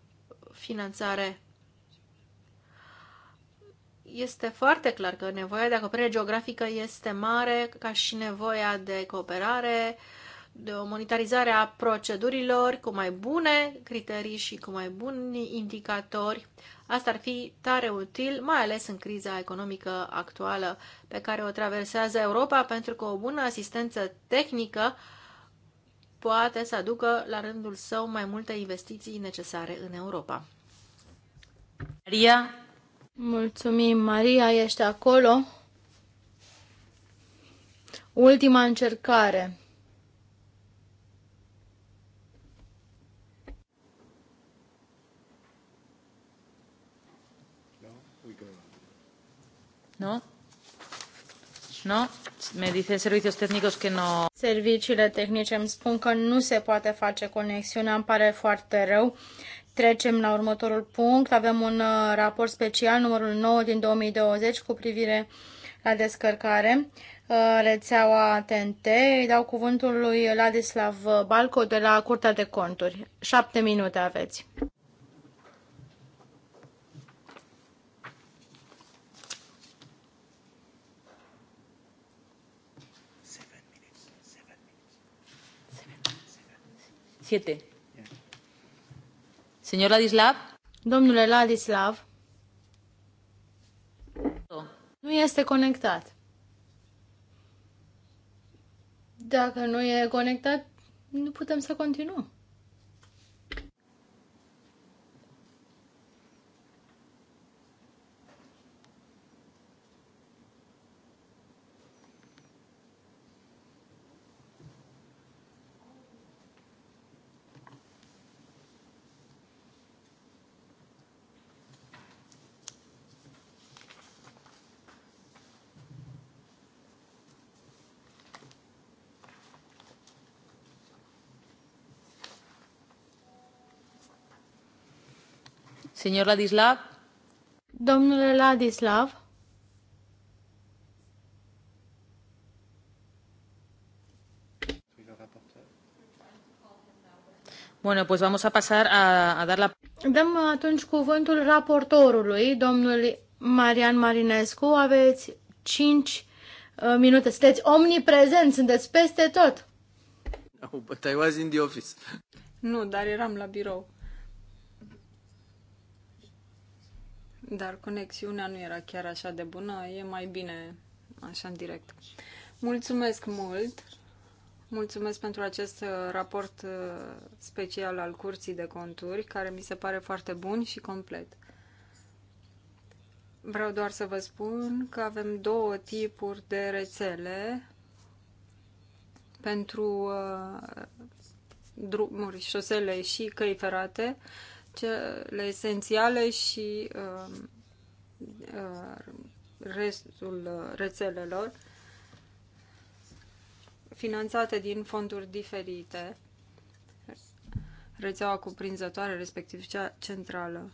finanțare este foarte clar că nevoia de acoperire geografică este mare, ca și nevoia de cooperare, de o monitorizare a procedurilor cu mai bune criterii și cu mai buni indicatori. Asta ar fi tare util, mai ales în criza economică actuală pe care o traversează Europa, pentru că o bună asistență tehnică poate să aducă la rândul său mai multe investiții necesare în Europa. Maria Mulțumim, Maria, ești acolo. Ultima încercare. No? No? Me dice servicios técnicos que no... Serviciile tehnice îmi spun că nu se poate face conexiunea, îmi pare foarte rău. Trecem la următorul punct. Avem un uh, raport special, numărul 9 din 2020, cu privire la descărcare uh, rețeaua TNT. Îi dau cuvântul lui Ladislav Balco de la Curtea de Conturi. Șapte minute aveți. Siete. Señor Ladislav? Domnule Ladislav, nu este conectat. Dacă nu e conectat, nu putem să continuăm. Señor Ladislav. Domnule Ladislav. Bueno, pues vamos a pasar a, a dar la... Dăm atunci cuvântul raportorului, domnul Marian Marinescu. Aveți 5 uh, minute. Sunteți omniprezenți, sunteți peste tot. No, oh, but I was in the office. Nu, dar eram la birou. Dar conexiunea nu era chiar așa de bună, e mai bine așa în direct. Mulțumesc mult! Mulțumesc pentru acest uh, raport uh, special al Curții de Conturi, care mi se pare foarte bun și complet. Vreau doar să vă spun că avem două tipuri de rețele pentru uh, drumuri, șosele și căi ferate. Uh, cele esențiale și um, uh, restul uh, rețelelor finanțate din fonduri diferite, rețeaua cuprinzătoare, respectiv cea centrală.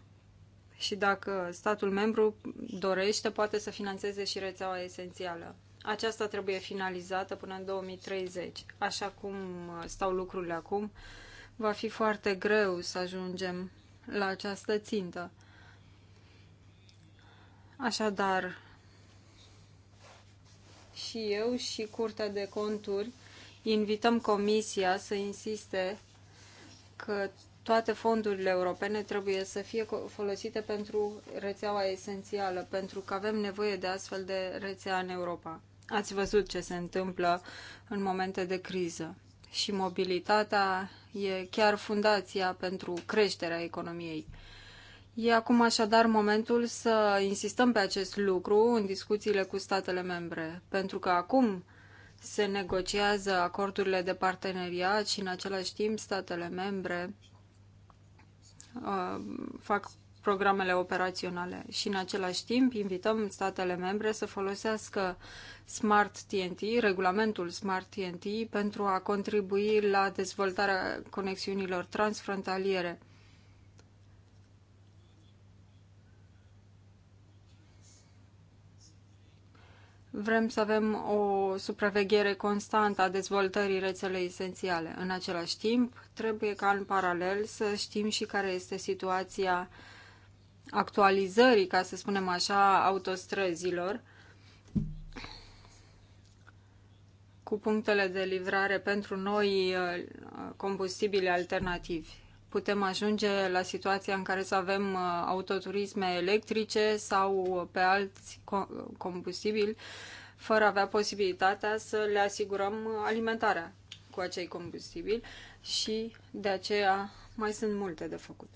Și dacă statul membru dorește, poate să financeze și rețeaua esențială. Aceasta trebuie finalizată până în 2030. Așa cum uh, stau lucrurile acum, va fi foarte greu să ajungem la această țintă. Așadar, și eu și Curtea de Conturi invităm Comisia să insiste că toate fondurile europene trebuie să fie folosite pentru rețeaua esențială, pentru că avem nevoie de astfel de rețea în Europa. Ați văzut ce se întâmplă în momente de criză și mobilitatea e chiar fundația pentru creșterea economiei. E acum așadar momentul să insistăm pe acest lucru în discuțiile cu statele membre, pentru că acum se negociază acordurile de parteneriat și în același timp statele membre uh, fac programele operaționale și în același timp invităm statele membre să folosească Smart TNT, regulamentul Smart TNT, pentru a contribui la dezvoltarea conexiunilor transfrontaliere. Vrem să avem o supraveghere constantă a dezvoltării rețelei esențiale. În același timp, trebuie ca în paralel să știm și care este situația uh, actualizării, ca să spunem așa, autostrăzilor cu punctele de livrare pentru noi uh, combustibile alternativi. Putem ajunge la situația în care să avem uh, autoturisme electrice sau pe alți combustibili fără a avea posibilitatea să le asigurăm uh, alimentarea cu acei combustibili și de aceea mai sunt multe de făcut.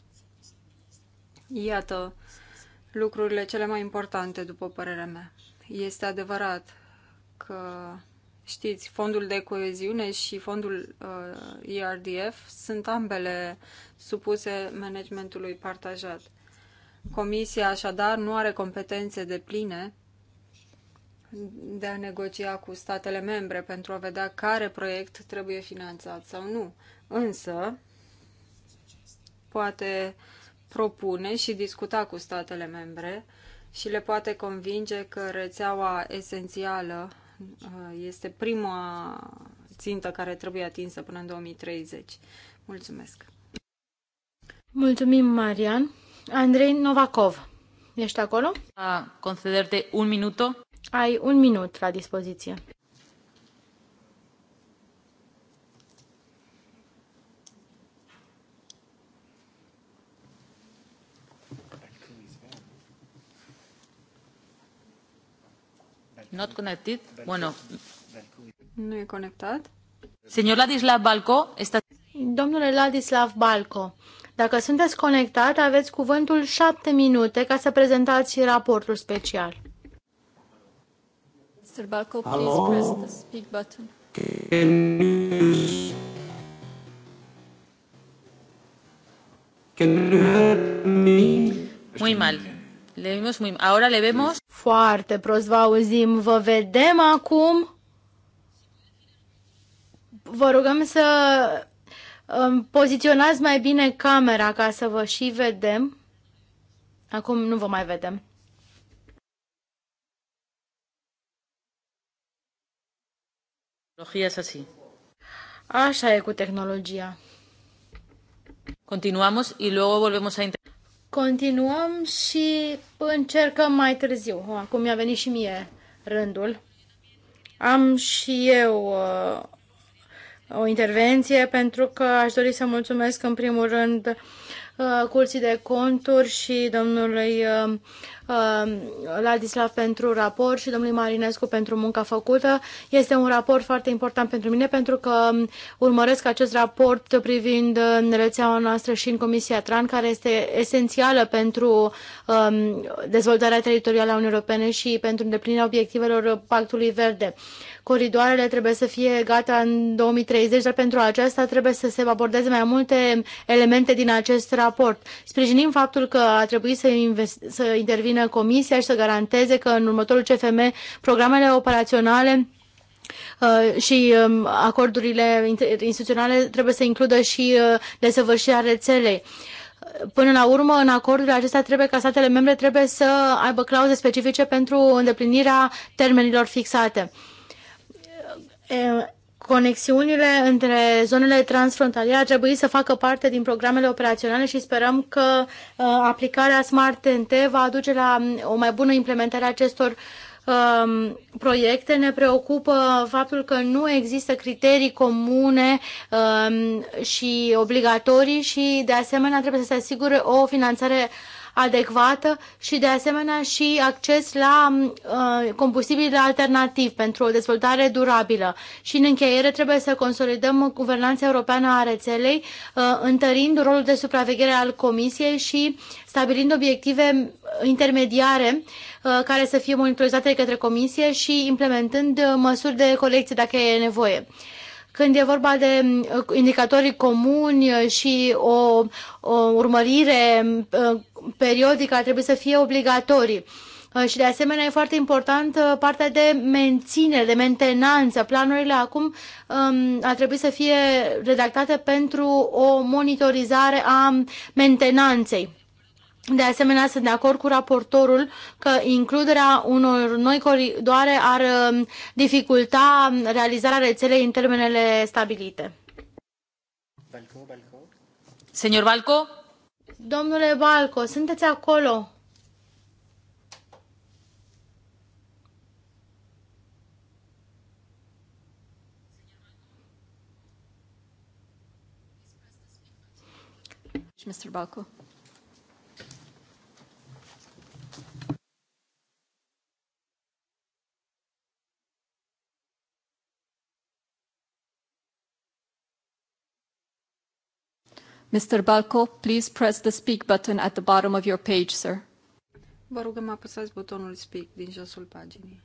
Iată lucrurile cele mai importante, după părerea mea. Este adevărat că, știți, fondul de coeziune și fondul uh, ERDF sunt ambele supuse managementului partajat. Comisia, așadar, nu are competențe de pline de a negocia cu statele membre pentru a vedea care proiect trebuie finanțat sau nu. Însă, poate uh, propune și discuta cu statele membre și le poate convinge că rețeaua esențială uh, este prima țintă care trebuie atinsă până în 2030. Mulțumesc! Mulțumim, Marian. Andrei Novakov, ești acolo? A, concederte un minut. Ai un minut la dispoziție. Not connected? Bueno. Nu e conectat. Señor Ladislav Balco, este... Domnule Ladislav Balco, dacă sunteți conectat, aveți cuvântul șapte minute ca să prezentați raportul special. Mr. Balco, please Hello? press the speak button. Can you, can you hear me? Muy mal. Le vimos muy... Ahora le vemos... Foarte prost vă auzim. Vă vedem acum. Vă rugăm să um, poziționați mai bine camera ca să vă și vedem. Acum nu vă mai vedem. Tehnologia es así. Așa e cu tehnologia. Continuamos y luego volvemos a Continuăm și încercăm mai târziu. Acum mi-a venit și mie rândul. Am și eu uh, o intervenție pentru că aș dori să mulțumesc în primul rând Uh, Curții de Conturi și domnului uh, uh, Ladislav pentru raport și domnului Marinescu pentru munca făcută. Este un raport foarte important pentru mine pentru că um, urmăresc acest raport privind rețeaua noastră și în Comisia Tran, care este esențială pentru um, dezvoltarea teritorială a Uniunii Europene și pentru îndeplinirea obiectivelor Pactului Verde. Coridoarele trebuie să fie gata în 2030, dar pentru aceasta trebuie să se abordeze mai multe elemente din acest raport. Sprijinim faptul că a trebuit să, să intervină Comisia și să garanteze că în următorul CFM programele operaționale uh, și um, acordurile instituționale trebuie să includă și uh, desăvârșirea rețelei. Până la urmă, în acordurile acestea trebuie ca statele membre trebuie să aibă clauze specifice pentru îndeplinirea termenilor fixate conexiunile între zonele transfrontaliere ar trebui să facă parte din programele operaționale și sperăm că aplicarea Smart TNT va aduce la o mai bună implementare a acestor um, proiecte. Ne preocupă faptul că nu există criterii comune um, și obligatorii și de asemenea trebuie să se asigure o finanțare uh, adecvată și de asemenea și acces la mm, uh, combustibili alternativ pentru o dezvoltare durabilă. Și în încheiere trebuie să consolidăm guvernanța europeană a rețelei, uh, întărind rolul de supraveghere al Comisiei și stabilind obiective intermediare uh, care să fie monitorizate de către Comisie și implementând uh, măsuri de colecție dacă e nevoie când e vorba de uh, indicatorii comuni uh, și o, o urmărire uh, periodică ar trebui să fie obligatorii. Și de asemenea e foarte important partea de menținere, de mentenanță. Planurile acum um, ar trebui să fie redactate pentru o monitorizare a mentenanței. De asemenea, sunt de acord cu raportorul că includerea unor noi coridoare ar um, dificulta realizarea rețelei în termenele stabilite. Balco, Balco. Senior Balco? Domnule Balco, sunteți acolo? Mr. Balco. Mr. Balco, please press the speak button at the bottom of your page, sir. Vă rugăm apăsați butonul speak din josul paginii.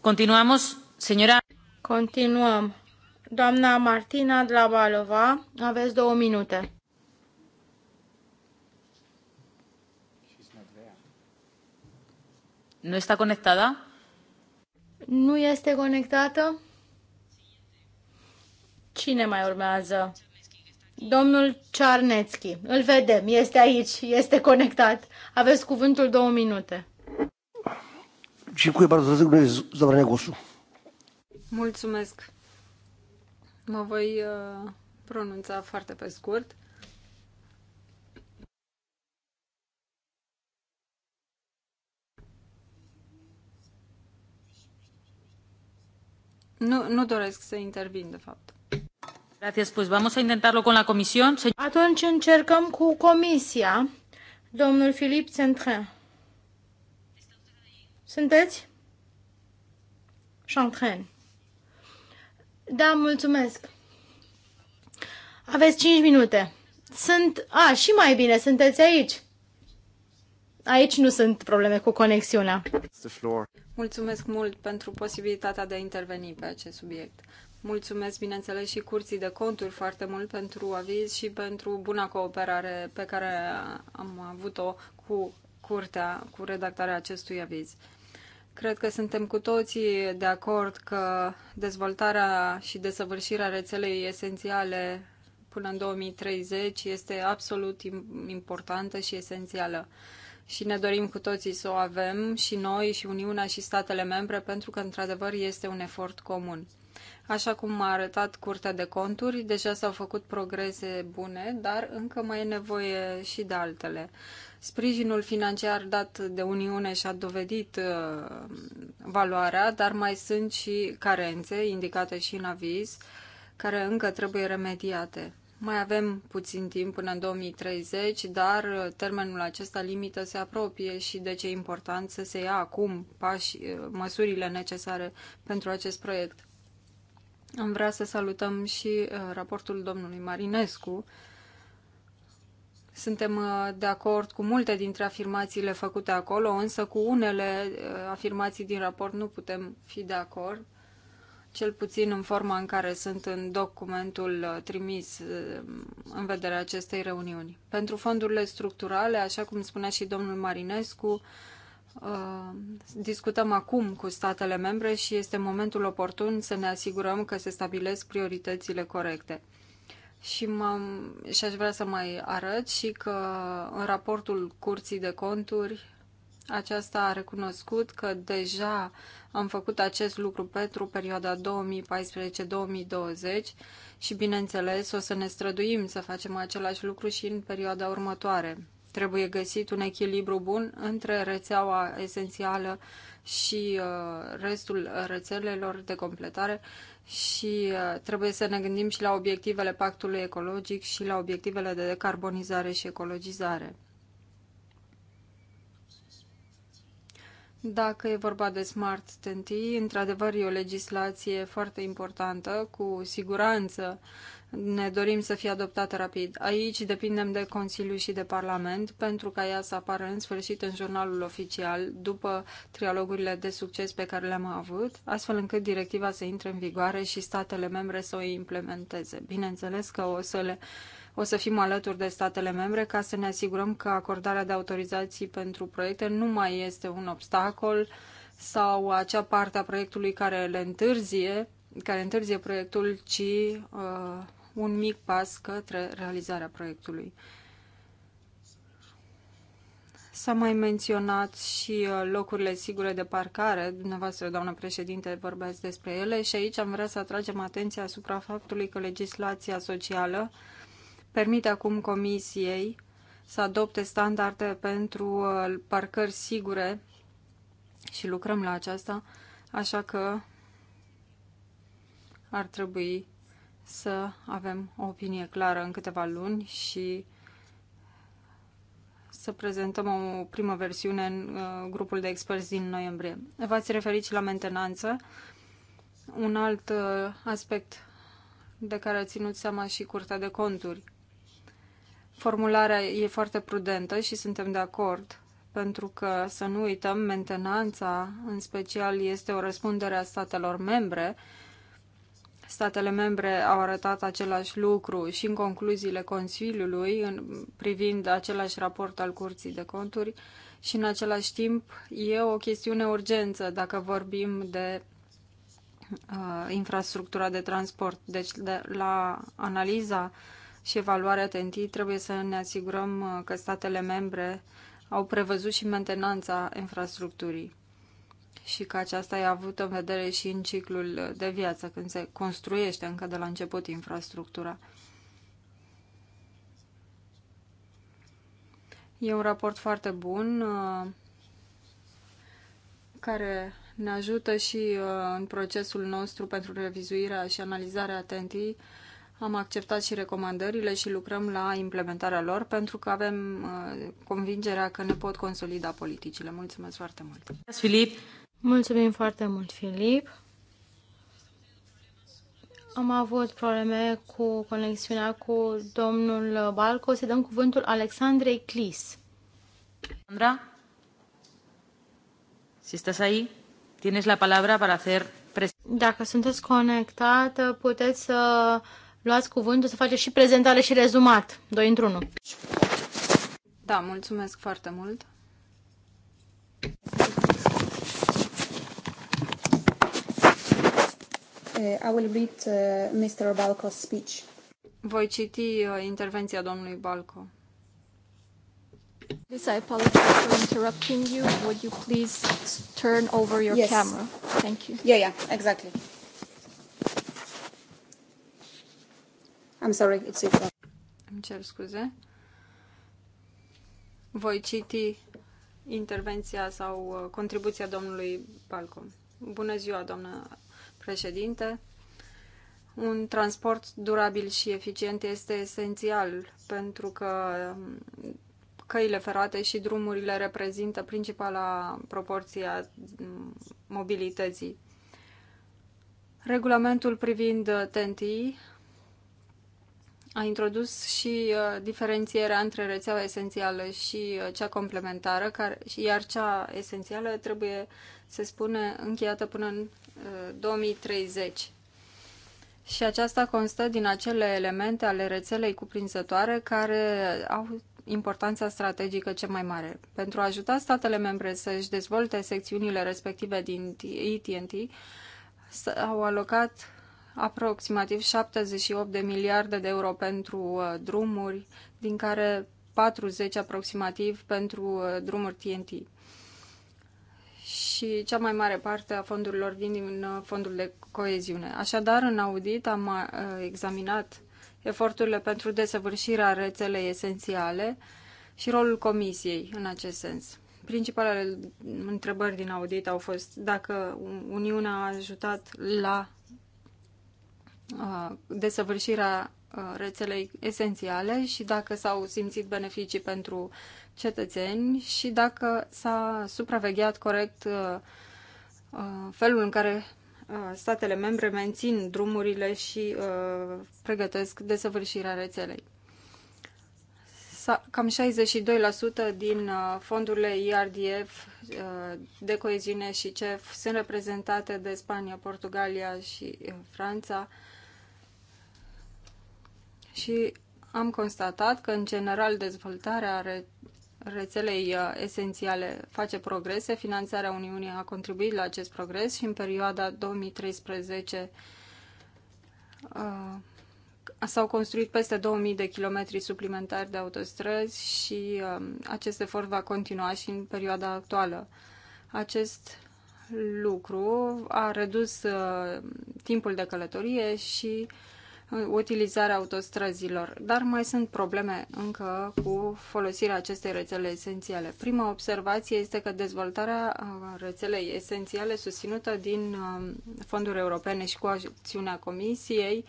Continuamos, señora. Continuăm. Doamna Martina Dlabalova, aveți două minute. Nu este conectată? Nu este conectată. Cine mai urmează? Domnul Cearnețchi. Îl vedem, este aici, este conectat. Aveți cuvântul două minute. Dziękuję bardzo za zabranie Mulțumesc. Mă voi uh, pronunța foarte pe scurt. Nu, nu doresc să intervin, de fapt. Gracias, pues vamos a intentarlo con la comisión. Atunci încercăm cu comisia. Domnul Filip Centrin. Sunteți? Centrin. Da, mulțumesc. Aveți 5 minute. Sunt... A, și mai bine, sunteți aici. Aici nu sunt probleme cu conexiunea. Mulțumesc mult pentru posibilitatea de a interveni pe acest subiect. Mulțumesc, bineînțeles, și curții de conturi foarte mult pentru aviz și pentru buna cooperare pe care am avut-o cu curtea, cu redactarea acestui aviz. Cred că suntem cu toții de acord că dezvoltarea și desăvârșirea rețelei esențiale până în 2030 este absolut importantă și esențială. Și ne dorim cu toții să o avem și noi, și Uniunea, și statele membre, pentru că, într-adevăr, este un efort comun. Așa cum a arătat Curtea de Conturi, deja s-au făcut progrese bune, dar încă mai e nevoie și de altele. Sprijinul financiar dat de Uniune și-a dovedit uh, valoarea, dar mai sunt și carențe indicate și în aviz, care încă trebuie remediate. Mai avem puțin timp până în 2030, dar uh, termenul acesta limită se apropie și de ce e important să se ia acum pași, uh, măsurile necesare pentru acest proiect. Am vrea să salutăm și uh, raportul domnului Marinescu. Suntem uh, de acord cu multe dintre afirmațiile făcute acolo, însă cu unele uh, afirmații din raport nu putem fi de acord, cel puțin în forma în care sunt în documentul trimis în vederea acestei reuniuni. Pentru fondurile structurale, așa cum spunea și domnul Marinescu, Uh, discutăm acum cu statele membre și este momentul oportun să ne asigurăm că se stabilesc prioritățile corecte. Și, și aș vrea să mai arăt și că în raportul Curții de Conturi aceasta a recunoscut că deja am făcut acest lucru pentru perioada 2014-2020 și, bineînțeles, o să ne străduim să facem același lucru și în perioada următoare. Trebuie găsit un echilibru bun între rețeaua esențială și uh, restul rețelelor de completare și uh, trebuie să ne gândim și la obiectivele pactului ecologic și la obiectivele de decarbonizare și ecologizare. Dacă e vorba de Smart TNT, într-adevăr e o legislație foarte importantă, cu siguranță uh, ne dorim să fie adoptată rapid. Aici depindem de Consiliu și de Parlament pentru ca ea să apară în sfârșit în jurnalul oficial după trialogurile de succes pe care le-am avut, astfel încât directiva să intre în vigoare și statele membre să o implementeze. Bineînțeles că o să le o să fim alături de statele membre ca să ne asigurăm că acordarea de autorizații pentru proiecte nu mai este un obstacol sau acea parte a proiectului care le întârzie, care întârzie proiectul, ci uh, un mic pas către realizarea proiectului. S-a mai menționat și uh, locurile sigure de parcare. Dumneavoastră, doamnă președinte, vorbeați despre ele și aici am vrea să atragem atenția asupra faptului că legislația socială permite acum Comisiei să adopte standarde pentru uh, parcări sigure și lucrăm la aceasta, așa că ar trebui să avem o opinie clară în câteva luni și să prezentăm o primă versiune în uh, grupul de experți din noiembrie. V-ați referit și la mentenanță. Un alt uh, aspect de care a ținut seama și Curtea de Conturi. Formularea e foarte prudentă și suntem de acord, pentru că, să nu uităm, mentenanța în special este o răspundere a statelor membre, statele membre au arătat același lucru și în concluziile Consiliului în, privind același raport al Curții de Conturi și în același timp e o chestiune urgență dacă vorbim de uh, infrastructura de transport. Deci de, la analiza și evaluarea TNT trebuie să ne asigurăm uh, că statele membre au prevăzut și mentenanța infrastructurii și că aceasta e avut, în vedere și în ciclul de viață, când se construiește încă de la început infrastructura. E un raport foarte bun uh, care ne ajută și uh, în procesul nostru pentru revizuirea și analizarea atentii. Am acceptat și recomandările și lucrăm la implementarea lor pentru că avem uh, convingerea că ne pot consolida politicile. Mulțumesc foarte mult! Filip! Mulțumim foarte mult, Filip. Am avut probleme cu conexiunea cu domnul Balco. să dăm cuvântul Alexandrei Clis. Alexandra, si estás ahí, tienes la palabra para hacer Dacă sunteți conectat, puteți să luați cuvântul, să faceți și prezentare și rezumat, doi într-unul. Da, mulțumesc foarte mult. Uh, I will read uh, Mr. Balco's speech. Voi citi uh, intervenția domnului Balco. Yes, I apologize for interrupting you. Would you please turn over your yes. camera? Thank you. Yeah, yeah, exactly. I'm sorry, it's it. Îmi cer scuze. Voi citi intervenția sau contribuția domnului Balco. Bună ziua, doamnă președinte. Un transport durabil și eficient este esențial pentru că um, căile ferate și drumurile reprezintă principala proporție a mm, mobilității. Regulamentul privind TNT uh, a introdus și uh, diferențierea între rețeaua esențială și uh, cea complementară, care, iar cea esențială trebuie, se spune, încheiată până în 2030. Uh, și aceasta constă din acele elemente ale rețelei cuprinzătoare care au importanța strategică cea mai mare. Pentru a ajuta statele membre să-și dezvolte secțiunile respective din s au alocat aproximativ 78 de miliarde de euro pentru uh, drumuri, din care 40 aproximativ pentru uh, drumuri TNT. Și cea mai mare parte a fondurilor vin din uh, fondul de coeziune. Așadar, în audit am examinat eforturile pentru desăvârșirea rețelei esențiale și rolul comisiei în acest sens. Principalele întrebări din audit au fost dacă Uniunea a ajutat la Uh, desăvârșirea uh, rețelei esențiale și dacă s-au simțit beneficii pentru cetățeni și dacă s-a supravegheat corect uh, felul în care statele membre mențin drumurile și pregătesc desăvârșirea rețelei. Cam 62% din fondurile IRDF de coeziune și CEF sunt reprezentate de Spania, Portugalia și Franța și am constatat că, în general, dezvoltarea are rețelei uh, esențiale face progrese. Finanțarea Uniunii a contribuit la acest progres și în perioada 2013 uh, s-au construit peste 2000 de kilometri suplimentari de autostrăzi și uh, acest efort va continua și în perioada actuală. Acest lucru a redus uh, timpul de călătorie și uh, utilizarea autostrăzilor, dar mai sunt probleme încă cu folosirea acestei rețele esențiale. Prima observație este că dezvoltarea rețelei esențiale susținută din um, fonduri europene și cu acțiunea Comisiei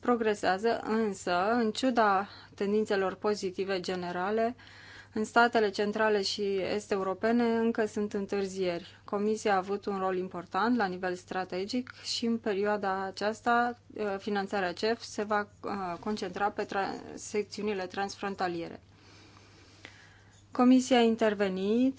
progresează, însă, în ciuda tendințelor pozitive generale, în statele centrale și est-europene încă sunt întârzieri. Comisia a avut un rol important la nivel strategic și în perioada aceasta eh, finanțarea CEF se va eh, concentra pe tra- secțiunile transfrontaliere. Comisia a intervenit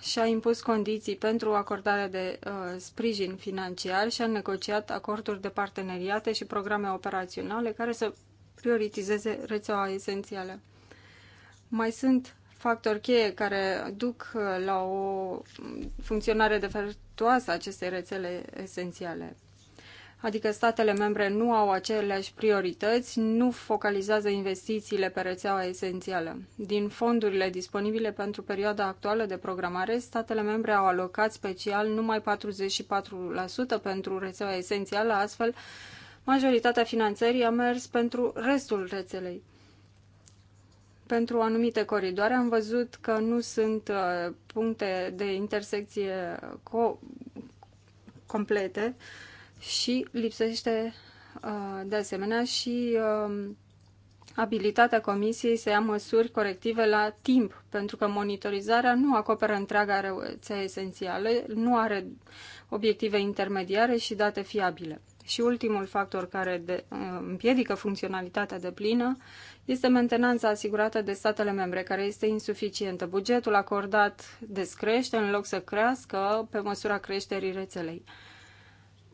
și a impus condiții pentru acordarea de uh, sprijin financiar și a negociat acorduri de parteneriate și programe operaționale care să prioritizeze rețeaua esențială. Mai sunt factori cheie care duc uh, la o funcționare defectuoasă a acestei rețele esențiale. Adică statele membre nu au aceleași priorități, nu focalizează investițiile pe rețeaua esențială. Din fondurile disponibile pentru perioada actuală de programare, statele membre au alocat special numai 44% pentru rețeaua esențială, astfel majoritatea finanțării a mers pentru restul rețelei pentru anumite coridoare am văzut că nu sunt uh, puncte de intersecție co- complete și lipsește uh, de asemenea și um, abilitatea Comisiei să ia măsuri corective la timp, pentru că monitorizarea nu acoperă întreaga rețea esențială, nu are obiective intermediare și date fiabile. Și ultimul factor care de, uh, împiedică funcționalitatea de plină este mentenanța asigurată de statele membre, care este insuficientă. Bugetul acordat descrește în loc să crească pe măsura creșterii rețelei.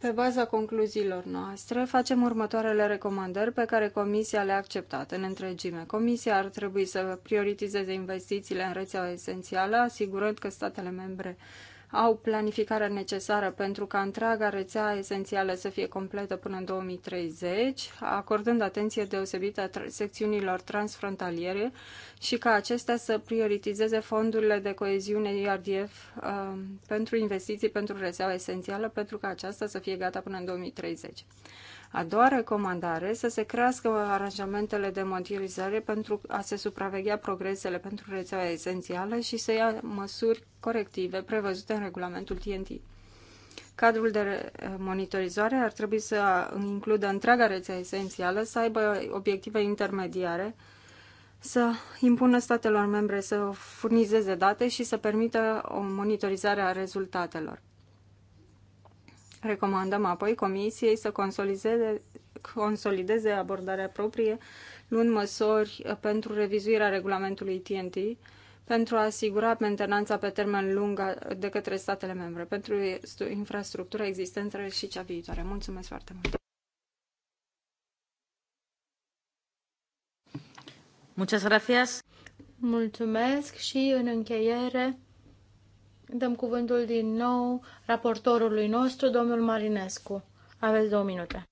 Pe baza concluziilor noastre, facem următoarele recomandări pe care Comisia le-a acceptat în întregime. Comisia ar trebui să prioritizeze investițiile în rețeaua esențială, asigurând că statele membre au planificarea necesară pentru ca întreaga rețea esențială să fie completă până în 2030, acordând atenție deosebită secțiunilor transfrontaliere și ca acestea să prioritizeze fondurile de coeziune IRDF uh, um, pentru investiții pentru rețeaua esențială, pentru ca aceasta să fie gata până în 2030. A doua recomandare să se crească aranjamentele de monitorizare pentru a se supraveghea progresele pentru rețeaua esențială și să ia măsuri corective prevăzute în regulamentul TNT. Cadrul de monitorizare ar trebui să includă întreaga rețea esențială, să aibă obiective intermediare, să impună statelor membre să furnizeze date și să permită o monitorizare a rezultatelor. Recomandăm apoi Comisiei să consolideze, consolideze abordarea proprie, luând măsuri pentru revizuirea regulamentului TNT, pentru a asigura mentenanța pe termen lung de către statele membre, pentru infrastructura existentă și cea viitoare. Mulțumesc foarte mult! Muchas gracias! Mulțumesc și în încheiere Dăm cuvântul din nou raportorului nostru, domnul Marinescu. Aveți două minute.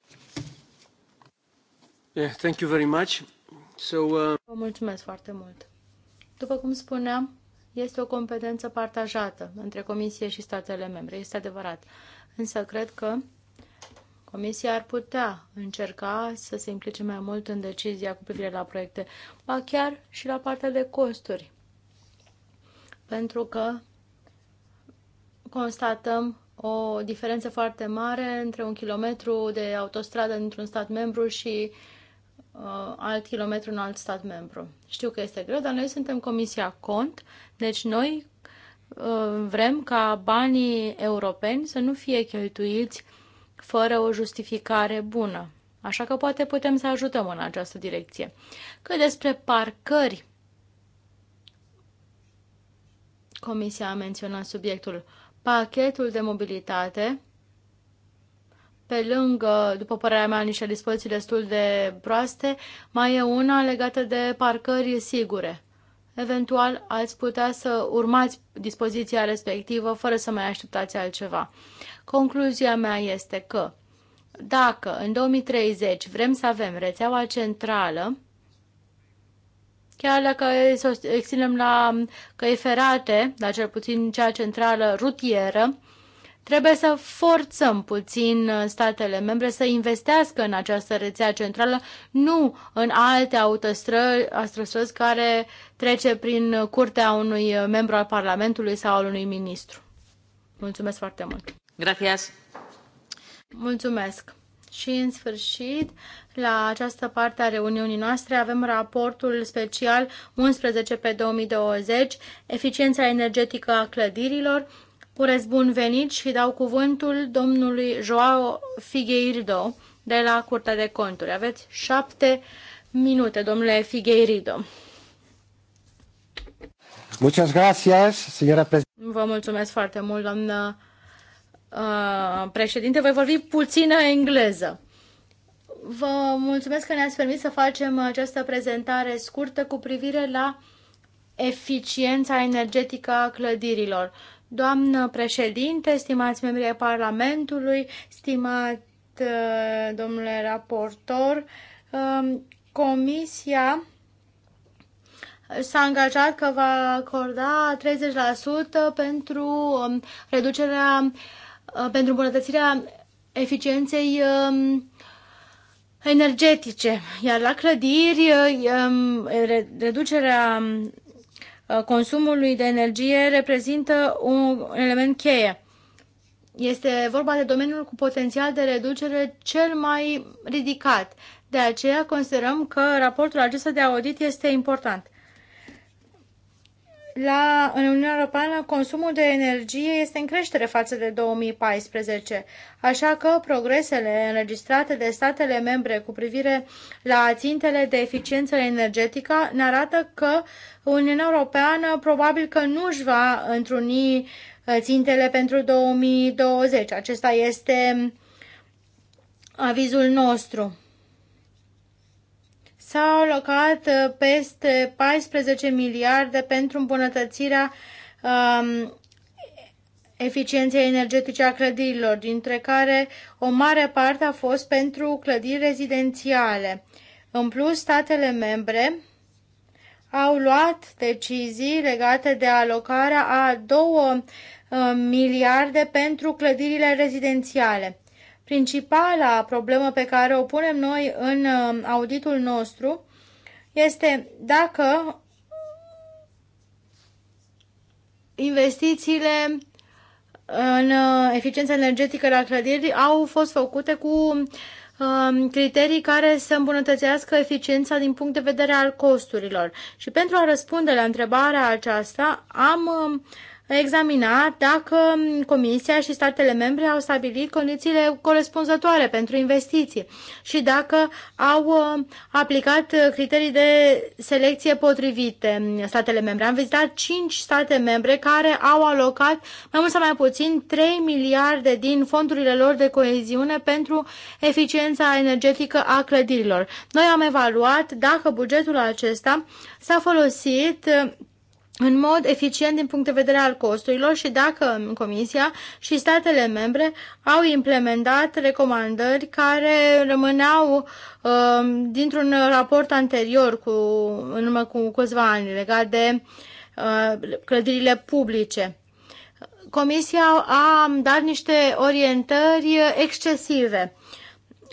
Yeah, thank you very much. So, uh... Vă mulțumesc foarte mult. După cum spuneam, este o competență partajată între Comisie și statele membre. Este adevărat. Însă cred că Comisia ar putea încerca să se implice mai mult în decizia cu privire la proiecte, ba chiar și la partea de costuri. Pentru că constatăm o diferență foarte mare între un kilometru de autostradă dintr-un stat membru și uh, alt kilometru în alt stat membru. Știu că este greu, dar noi suntem Comisia Cont, deci noi uh, vrem ca banii europeni să nu fie cheltuiți fără o justificare bună. Așa că poate putem să ajutăm în această direcție. Că despre parcări, Comisia a menționat subiectul. Uh, Pachetul de mobilitate, pe lângă, după părerea mea, niște dispoziții destul de proaste, mai e una legată de parcări sigure. Eventual, ați putea să urmați dispoziția respectivă fără să mai așteptați altceva. Concluzia mea este că dacă în 2030 vrem să avem rețeaua centrală, chiar dacă extindem la căi ferate, la cel puțin cea centrală rutieră, trebuie să forțăm puțin uh, statele membre să investească în această rețea centrală, nu în alte autostrăzi care trece prin curtea unui uh, membru al Parlamentului sau al unui ministru. Mulțumesc foarte mult! Gracias! Mulțumesc! Și, în sfârșit, la această parte a reuniunii noastre avem raportul special 11 pe 2020, eficiența energetică a clădirilor. Urez bun venit și dau cuvântul domnului Joao Figueiredo de la Curtea de Conturi. Aveți șapte minute, domnule Figueiredo. Muchas gracias, señora Vă mulțumesc foarte mult, doamnă Uh, președinte, voi vorbi puțină engleză. Vă mulțumesc că ne-ați permis să facem această prezentare scurtă cu privire la eficiența energetică a clădirilor. Doamnă președinte, stimați membrii ai Parlamentului, stimat uh, domnule raportor, um, Comisia s-a angajat că va acorda 30% pentru um, reducerea uh, Uh, pentru îmbunătățirea eficienței um, energetice. Iar la clădiri, uh, um, reducerea um, uh, consumului de energie reprezintă un element cheie. Este vorba de domeniul cu potențial de reducere cel mai ridicat. De aceea considerăm că raportul acesta de audit este important la, în Uniunea Europeană consumul de energie este în creștere față de 2014, așa că progresele înregistrate de statele membre cu privire la țintele de eficiență energetică ne arată că Uniunea Europeană probabil că nu își va întruni uh, țintele pentru 2020. Acesta este avizul nostru. S-au alocat uh, peste 14 miliarde pentru îmbunătățirea um, eficienței energetice a clădirilor, dintre care o mare parte a fost pentru clădiri rezidențiale. În plus, statele membre au luat decizii legate de alocarea a 2 uh, miliarde pentru clădirile rezidențiale. Principala problemă pe care o punem noi în uh, auditul nostru este dacă investițiile în uh, eficiența energetică la clădiri au fost făcute cu um, criterii care să îmbunătățească eficiența din punct de vedere al costurilor. Și pentru a răspunde la întrebarea aceasta, am uh, examina dacă mm, Comisia și statele membre au stabilit condițiile corespunzătoare pentru investiții și dacă au uh, aplicat criterii de selecție potrivite mm, statele membre. Am vizitat 5 state membre care au alocat mai mult sau mai puțin 3 miliarde din fondurile lor de coeziune pentru eficiența energetică a clădirilor. Noi am evaluat dacă bugetul acesta s-a folosit în mod eficient din punct de vedere al costurilor și dacă Comisia și statele membre au implementat recomandări care rămâneau uh, dintr-un raport anterior cu, în urmă cu câțiva ani legat de uh, clădirile publice. Comisia a dat niște orientări excesive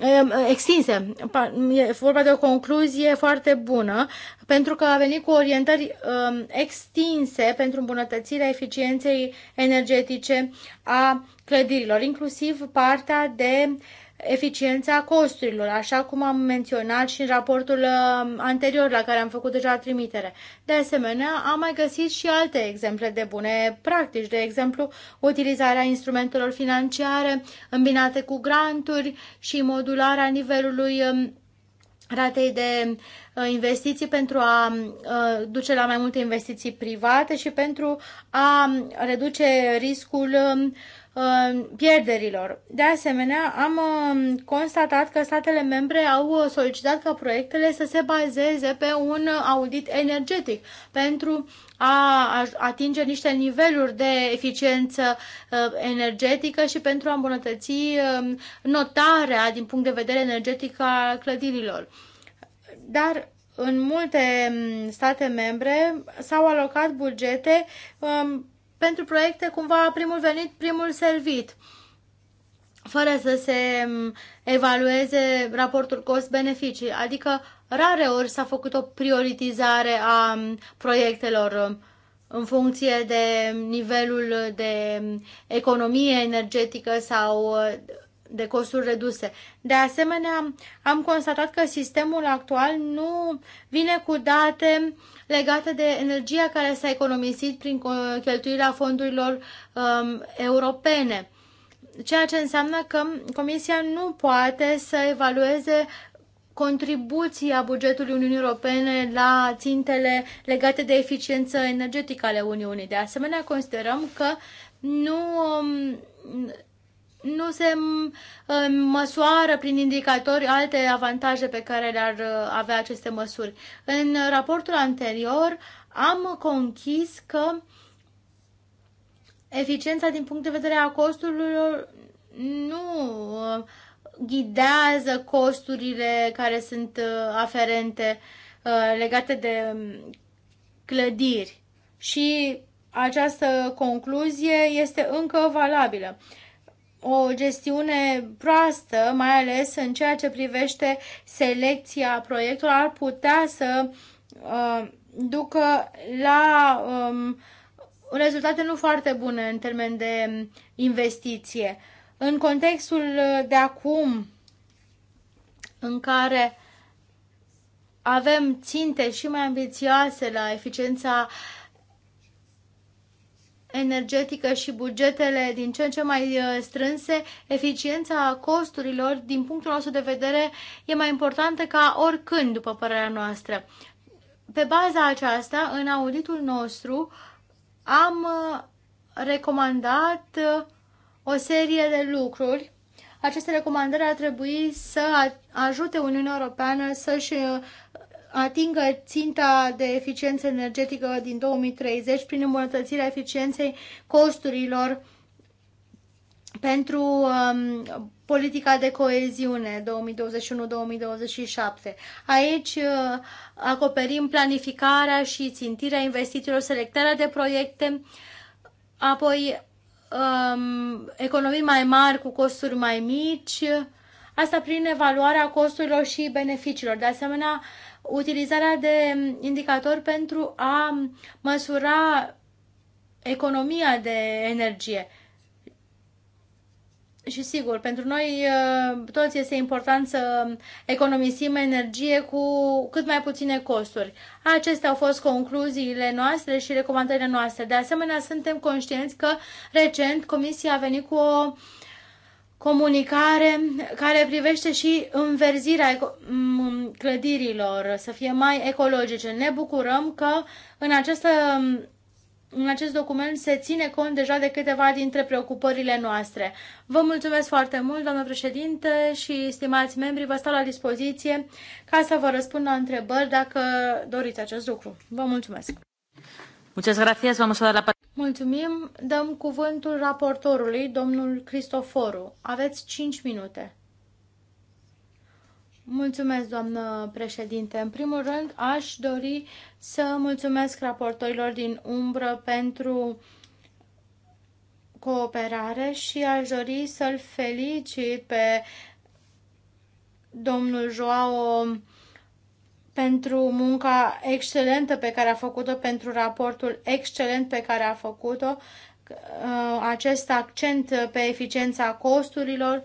Ehm, extinse. E vorba de o concluzie foarte bună, pentru că a venit cu orientări ehm, extinse pentru îmbunătățirea eficienței energetice a clădirilor, inclusiv partea de eficiența costurilor, așa cum am menționat și în raportul um, anterior la care am făcut deja trimitere. De asemenea, am mai găsit și alte exemple de bune practici, de exemplu, utilizarea instrumentelor financiare îmbinate cu granturi și modularea nivelului um, ratei de uh, investiții pentru a uh, duce la mai multe investiții private și pentru a um, reduce riscul Uh, pierderilor. De asemenea, am um, constatat că statele membre au uh, solicitat ca proiectele să se bazeze pe un uh, audit energetic pentru a atinge niște niveluri de eficiență energetică și pentru a îmbunătăți um, notarea din punct de vedere energetic a clădirilor. Dar în multe um, state membre s-au alocat bugete pentru proiecte cumva primul venit, primul servit fără să se evalueze raportul cost-beneficii. Adică rare ori s-a făcut o prioritizare a proiectelor în funcție de nivelul de economie energetică sau uh, de costuri reduse. De asemenea, am constatat că sistemul actual nu vine cu date uh, legate de energia care s-a economisit prin cheltuirea fondurilor um, europene. Ceea ce înseamnă că Comisia nu poate să evalueze contribuția bugetului Uniunii Europene la țintele legate de eficiență energetică ale Uniunii. De asemenea, considerăm că nu um, nu se uh, măsoară prin indicatori alte avantaje pe care le-ar uh, avea aceste măsuri. În raportul anterior am conchis că eficiența din punct de vedere a costurilor nu uh, ghidează costurile care sunt aferente legate de um, clădiri și această concluzie este încă valabilă o gestiune proastă, mai ales în ceea ce privește selecția proiectelor, ar putea să uh, ducă la um, rezultate nu foarte bune în termen de investiție. În contextul de acum, în care avem ținte și mai ambițioase la eficiența uh, energetică și bugetele din ce în ce mai uh, strânse, eficiența costurilor, din punctul nostru de vedere, e mai importantă ca oricând, după părerea noastră. Pe baza aceasta, în auditul nostru, am uh, recomandat uh, o serie de lucruri. Aceste recomandări ar trebui să ajute Uniunea Europeană să-și atingă ținta de eficiență energetică din 2030 prin îmbunătățirea eficienței costurilor pentru um, politica de coeziune 2021-2027. Aici uh, acoperim planificarea și țintirea investițiilor, selectarea de proiecte, apoi um, economii mai mari cu costuri mai mici, asta prin evaluarea costurilor și beneficiilor. De asemenea, uh, utilizarea de indicator pentru a măsura economia de energie. Și sigur, pentru noi ă, toți este important să economisim energie cu cât mai puține costuri. Acestea au fost concluziile noastre și recomandările noastre. De asemenea, suntem conștienți că recent Comisia a venit cu o uh, comunicare care privește și înverzirea clădirilor, să fie mai ecologice. Ne bucurăm că în, această, în acest document se ține cont deja de câteva dintre preocupările noastre. Vă mulțumesc foarte mult, doamnă președinte și stimați membri, vă stau la dispoziție ca să vă răspund la întrebări dacă doriți acest lucru. Vă mulțumesc! Muchas gracias. Vamos a dar la Mulțumim. Dăm cuvântul raportorului, domnul Cristoforu. Aveți 5 minute. Mulțumesc, doamnă președinte. În primul rând, aș dori să mulțumesc raportorilor din umbră pentru cooperare și aș dori să-l felicit pe domnul Joao pentru munca excelentă pe care a făcut-o, pentru raportul excelent pe care a făcut-o, uh, acest accent pe eficiența costurilor.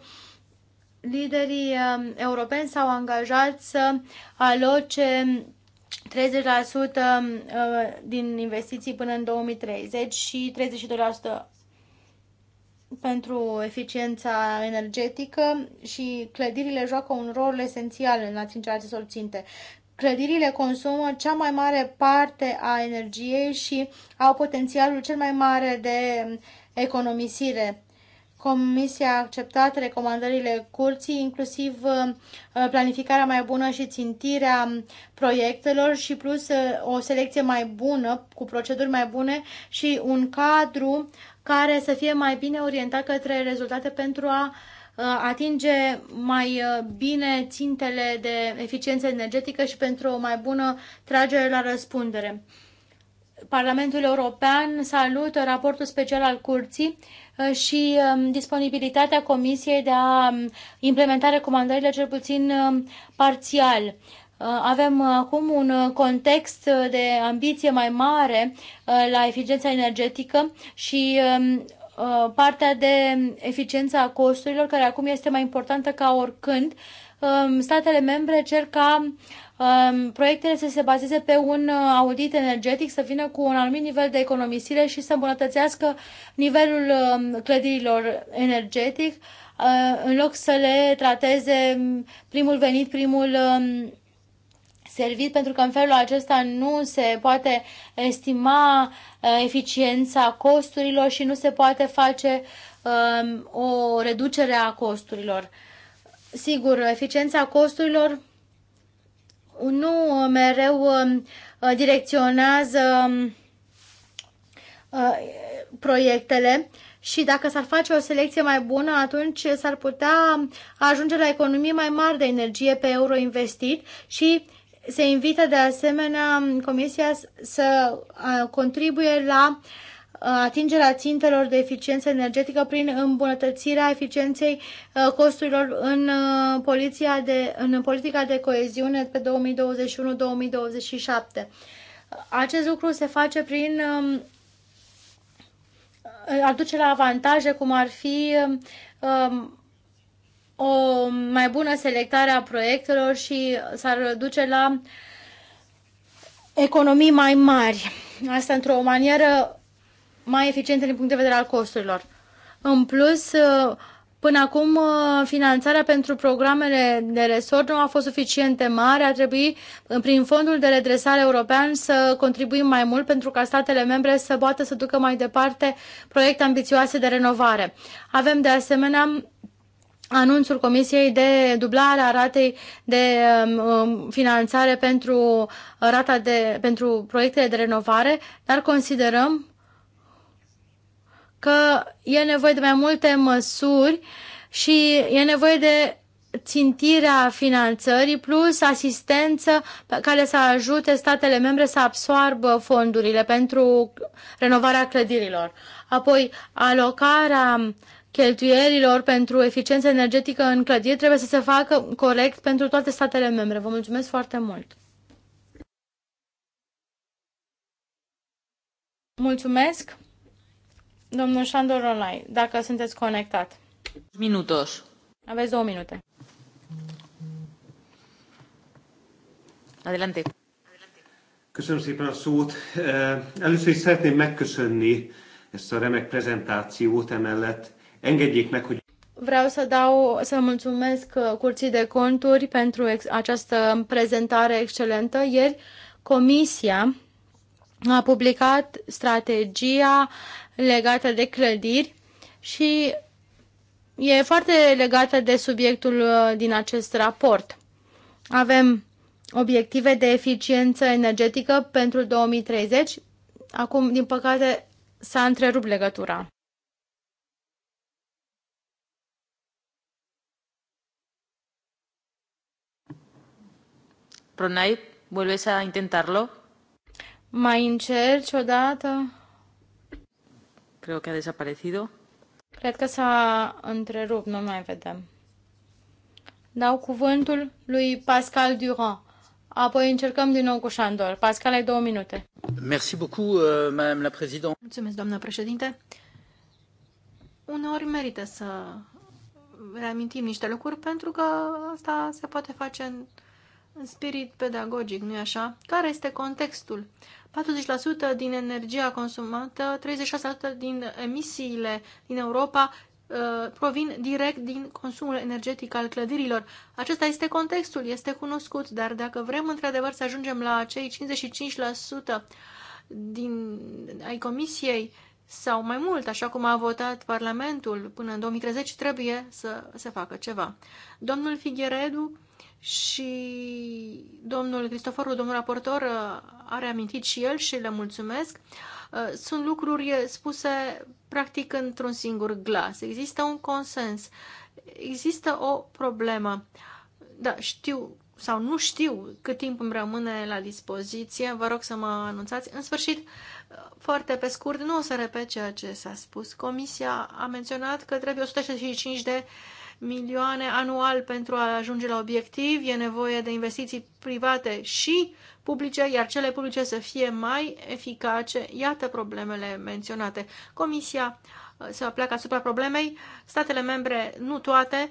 Liderii um, europeni s-au angajat să aloce 30% um, uh, din investiții până în 2030 și 32% pentru eficiența energetică și clădirile joacă un rol esențial în atingerea acestor ținte. Clădirile consumă cea mai mare parte a energiei și au potențialul cel mai mare de economisire. Comisia a acceptat recomandările curții, inclusiv uh, planificarea mai bună și țintirea proiectelor și plus uh, o selecție mai bună, cu proceduri mai bune și un cadru care să fie mai bine orientat către rezultate pentru a Uh, atinge mai uh, bine țintele de eficiență energetică și pentru o mai bună tragere la răspundere. Parlamentul European salută raportul special al Curții uh, și um, disponibilitatea Comisiei de a um, implementa recomandările cel puțin um, parțial. Avem acum un context de ambiție mai mare la eficiența energetică și Uh, partea de eficiență a costurilor, care acum este mai importantă ca oricând. Um, statele membre cer ca um, proiectele să se bazeze pe un uh, audit energetic, să vină cu un anumit nivel de economisire și să îmbunătățească nivelul um, clădirilor energetic, uh, în loc să le trateze primul venit, primul servit, pentru că în felul acesta nu se poate estima uh, eficiența costurilor și nu se poate face um, o reducere a costurilor. Sigur, eficiența costurilor nu mereu um, direcționează um, uh, proiectele și dacă s-ar face o selecție mai bună, atunci s-ar putea ajunge la economii mai mari de energie pe euro investit și se invită de asemenea Comisia să contribuie la atingerea țintelor de eficiență energetică prin îmbunătățirea eficienței costurilor în, poliția de, în politica de coeziune pe 2021-2027. Acest lucru se face prin aduce la avantaje cum ar fi o mai bună selectare a proiectelor și s-ar duce la economii mai mari. Asta într-o manieră mai eficientă din punct de vedere al costurilor. În plus, până acum finanțarea pentru programele de resort nu a fost suficient de mare. A trebuit, prin fondul de redresare european, să contribuim mai mult pentru ca statele membre să poată să ducă mai departe proiecte ambițioase de renovare. Avem de asemenea anunțul Comisiei de dublare a ratei de um, um, finanțare pentru, rata de, pentru proiectele de renovare, dar considerăm că e nevoie de mai multe măsuri și e nevoie de țintirea finanțării plus asistență care să ajute statele membre să absoarbă fondurile pentru renovarea clădirilor. Apoi, alocarea cheltuielilor pentru eficiență energetică în clădiri trebuie să se facă corect pentru toate statele membre. Vă mulțumesc foarte mult! Mulțumesc, domnul Șandor Online, dacă sunteți conectat. Minutos. Aveți două minute. Adelante. Köszönöm szépen a szót. Eh, először is szeretném megköszönni ezt a remek prezentációt, emellett Engedjék meg, hogy... Vreau să dau, să mulțumesc uh, Curții de Conturi pentru ex, această prezentare excelentă. Ieri Comisia a publicat strategia legată de clădiri și e foarte legată de subiectul uh, din acest raport. Avem obiective de eficiență energetică pentru 2030. Acum, din păcate, s-a întrerupt legătura. Pronait, vuelves a intentarlo? Mai încerci o dată? Creo que a desaparecido. Cred că s-a întrerupt, nu mai vedem. Dau cuvântul lui Pascal Durand. Apoi încercăm din nou cu Șandor. Pascal, ai două minute. Merci beaucoup, euh, Madame la Présidente. Mulțumesc, doamnă președinte. Uneori merită să reamintim niște lucruri pentru că asta se poate face în în spirit pedagogic, nu-i așa? Care este contextul? 40% din energia consumată, 36% din emisiile din Europa uh, provin direct din consumul energetic al clădirilor. Acesta este contextul, este cunoscut, dar dacă vrem într-adevăr să ajungem la cei 55% din, ai comisiei sau mai mult, așa cum a votat Parlamentul până în 2030, trebuie să se facă ceva. Domnul Figueredu și domnul Cristoforu, domnul raportor, uh, a reamintit și el și le mulțumesc. Uh, sunt lucruri spuse practic într-un singur glas. Există un consens. Există o problemă. Da, știu sau nu știu cât timp îmi rămâne la dispoziție, vă rog să mă anunțați. În sfârșit, uh, foarte pe scurt, nu o să repet ceea ce s-a spus. Comisia a menționat că trebuie 165 de uh, milioane anual pentru a ajunge la obiectiv, e nevoie de investiții private și publice, iar cele publice să fie mai eficace. Iată problemele menționate. Comisia uh, se pleacă asupra problemei, statele membre nu toate,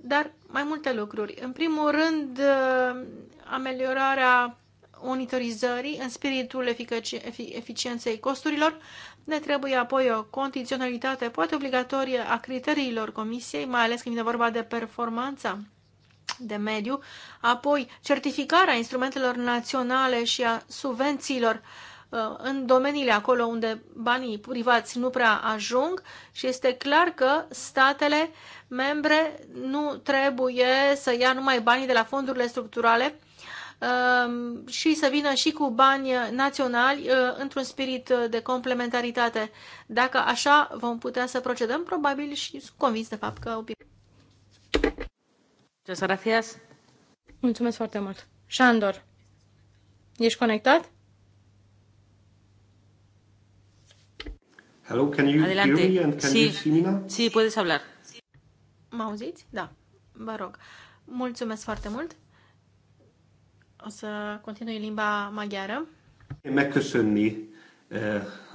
dar mai multe lucruri. În primul rând, uh, ameliorarea monitorizării în spiritul eficienței costurilor. Ne trebuie apoi o condiționalitate, poate obligatorie, a criteriilor comisiei, mai ales când vine vorba de performanța de mediu, apoi certificarea instrumentelor naționale și a subvențiilor uh, în domeniile acolo unde banii privați nu prea ajung și este clar că statele membre nu trebuie să ia numai banii de la fondurile structurale Um, și să vină și cu bani naționali uh, într-un spirit uh, de complementaritate. Dacă așa vom putea să procedăm, probabil și sunt convins de fapt că... Muchas Mulțumesc foarte mult. Șandor, ești conectat? Hello, can you Adelante. hear me and can si. you see me now? Si, puedes hablar. Mă auziți? Da. Vă rog. Mulțumesc foarte mult. O să continui limba maghiară. Megköszönni eh,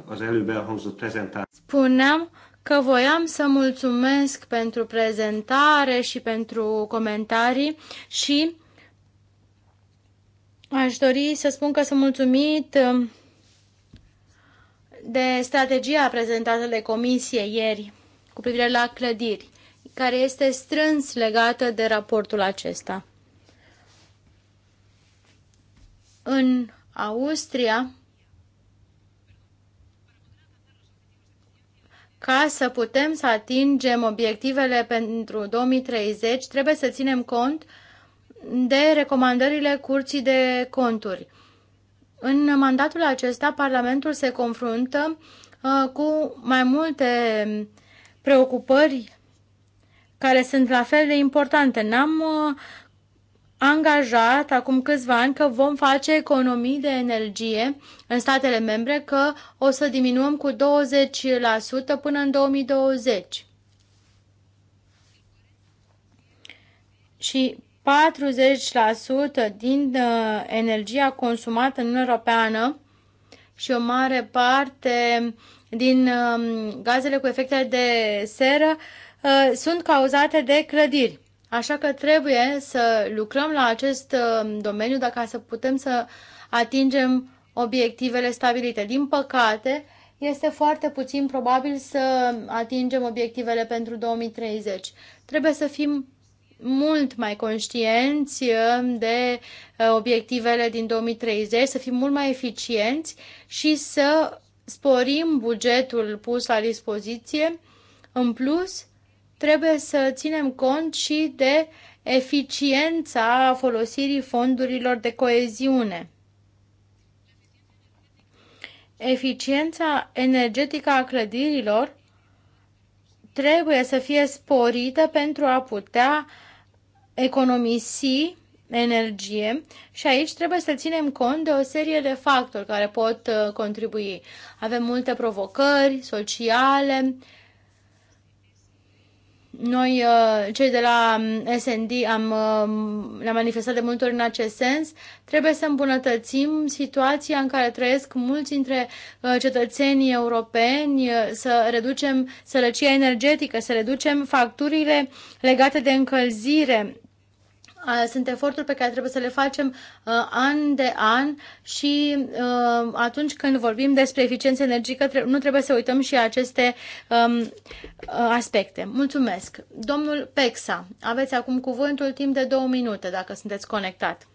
az előbb elhangzott prezentációt. Spuneam că voiam să mulțumesc pentru prezentare și pentru comentarii și aș dori să spun că sunt mulțumit eh, de strategia prezentată de comisie ieri cu privire la clădiri, care este strâns legată de raportul acesta. În Austria, ca să putem să atingem obiectivele pentru 2030, trebuie să ținem cont de recomandările Curții de Conturi. În mandatul acesta, Parlamentul se confruntă uh, cu mai multe preocupări care sunt la fel de importante. N-am uh, angajat acum câțiva ani că vom face economii de energie în statele membre, că o să diminuăm cu 20% până în 2020. Și 40% din uh, energia consumată în Europeană și o mare parte din um, gazele cu efecte de seră uh, sunt cauzate de clădiri. Așa că trebuie să lucrăm la acest um, domeniu dacă să putem să atingem obiectivele stabilite. Din păcate, este foarte puțin probabil să atingem obiectivele pentru 2030. Trebuie să fim mult mai conștienți um, de uh, obiectivele din 2030, să fim mult mai eficienți și să sporim bugetul pus la dispoziție. În plus, trebuie să ținem cont și de eficiența folosirii fondurilor de coeziune. Eficiența energetică a clădirilor trebuie să fie sporită pentru a putea economisi energie și aici trebuie să ținem cont de o serie de factori care pot uh, contribui. Avem multe provocări sociale, uh, noi, uh, cei de la um, SND, am, um, ne-am manifestat de multe ori în acest sens. Trebuie să îmbunătățim situația în care trăiesc mulți dintre uh, cetățenii europeni, uh, să reducem sărăcia energetică, să reducem facturile legate de încălzire, sunt eforturi pe care trebuie să le facem an de an și atunci când vorbim despre eficiență energică, nu trebuie să uităm și aceste um, aspecte. Mulțumesc! Domnul Pexa, aveți acum cuvântul timp de două minute, dacă sunteți conectat.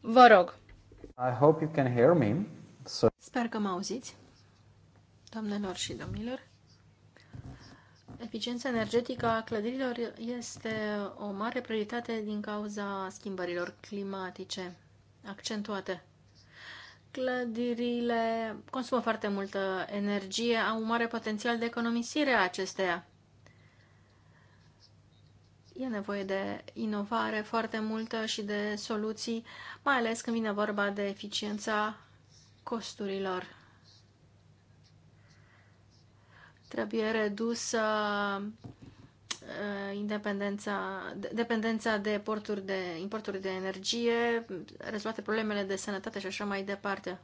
Vă rog. I hope you can hear me. So... Sper că mă auziți, doamnelor și domnilor eficiența energetică a clădirilor este o mare prioritate din cauza schimbărilor climatice accentuate. Clădirile consumă foarte multă energie, au un mare potențial de economisire a acesteia. E nevoie de inovare foarte multă și de soluții, mai ales când vine vorba de eficiența costurilor. Trebuie redusă uh, independența, dependența de, porturi de importuri de energie, rezolvate problemele de sănătate și așa mai departe.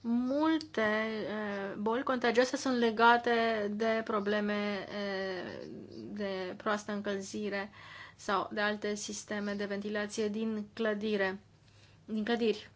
Multe uh, boli contagioase sunt legate de probleme uh, de proastă încălzire sau de alte sisteme de ventilație din clădire, din clădiri.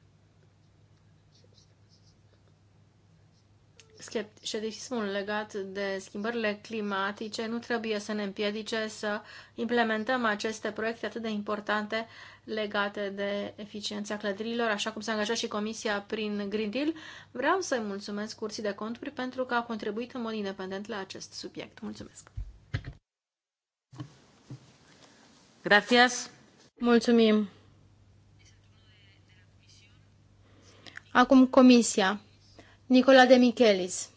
scepticismul legat de schimbările climatice nu trebuie să ne împiedice să implementăm aceste proiecte atât de importante legate de eficiența clădirilor, așa cum s-a angajat și Comisia prin Green Deal. Vreau să-i mulțumesc Curții de Conturi pentru că a contribuit în mod independent la acest subiect. Mulțumesc! Gracias. Mulțumim! Acum Comisia. Nicola de Michelis.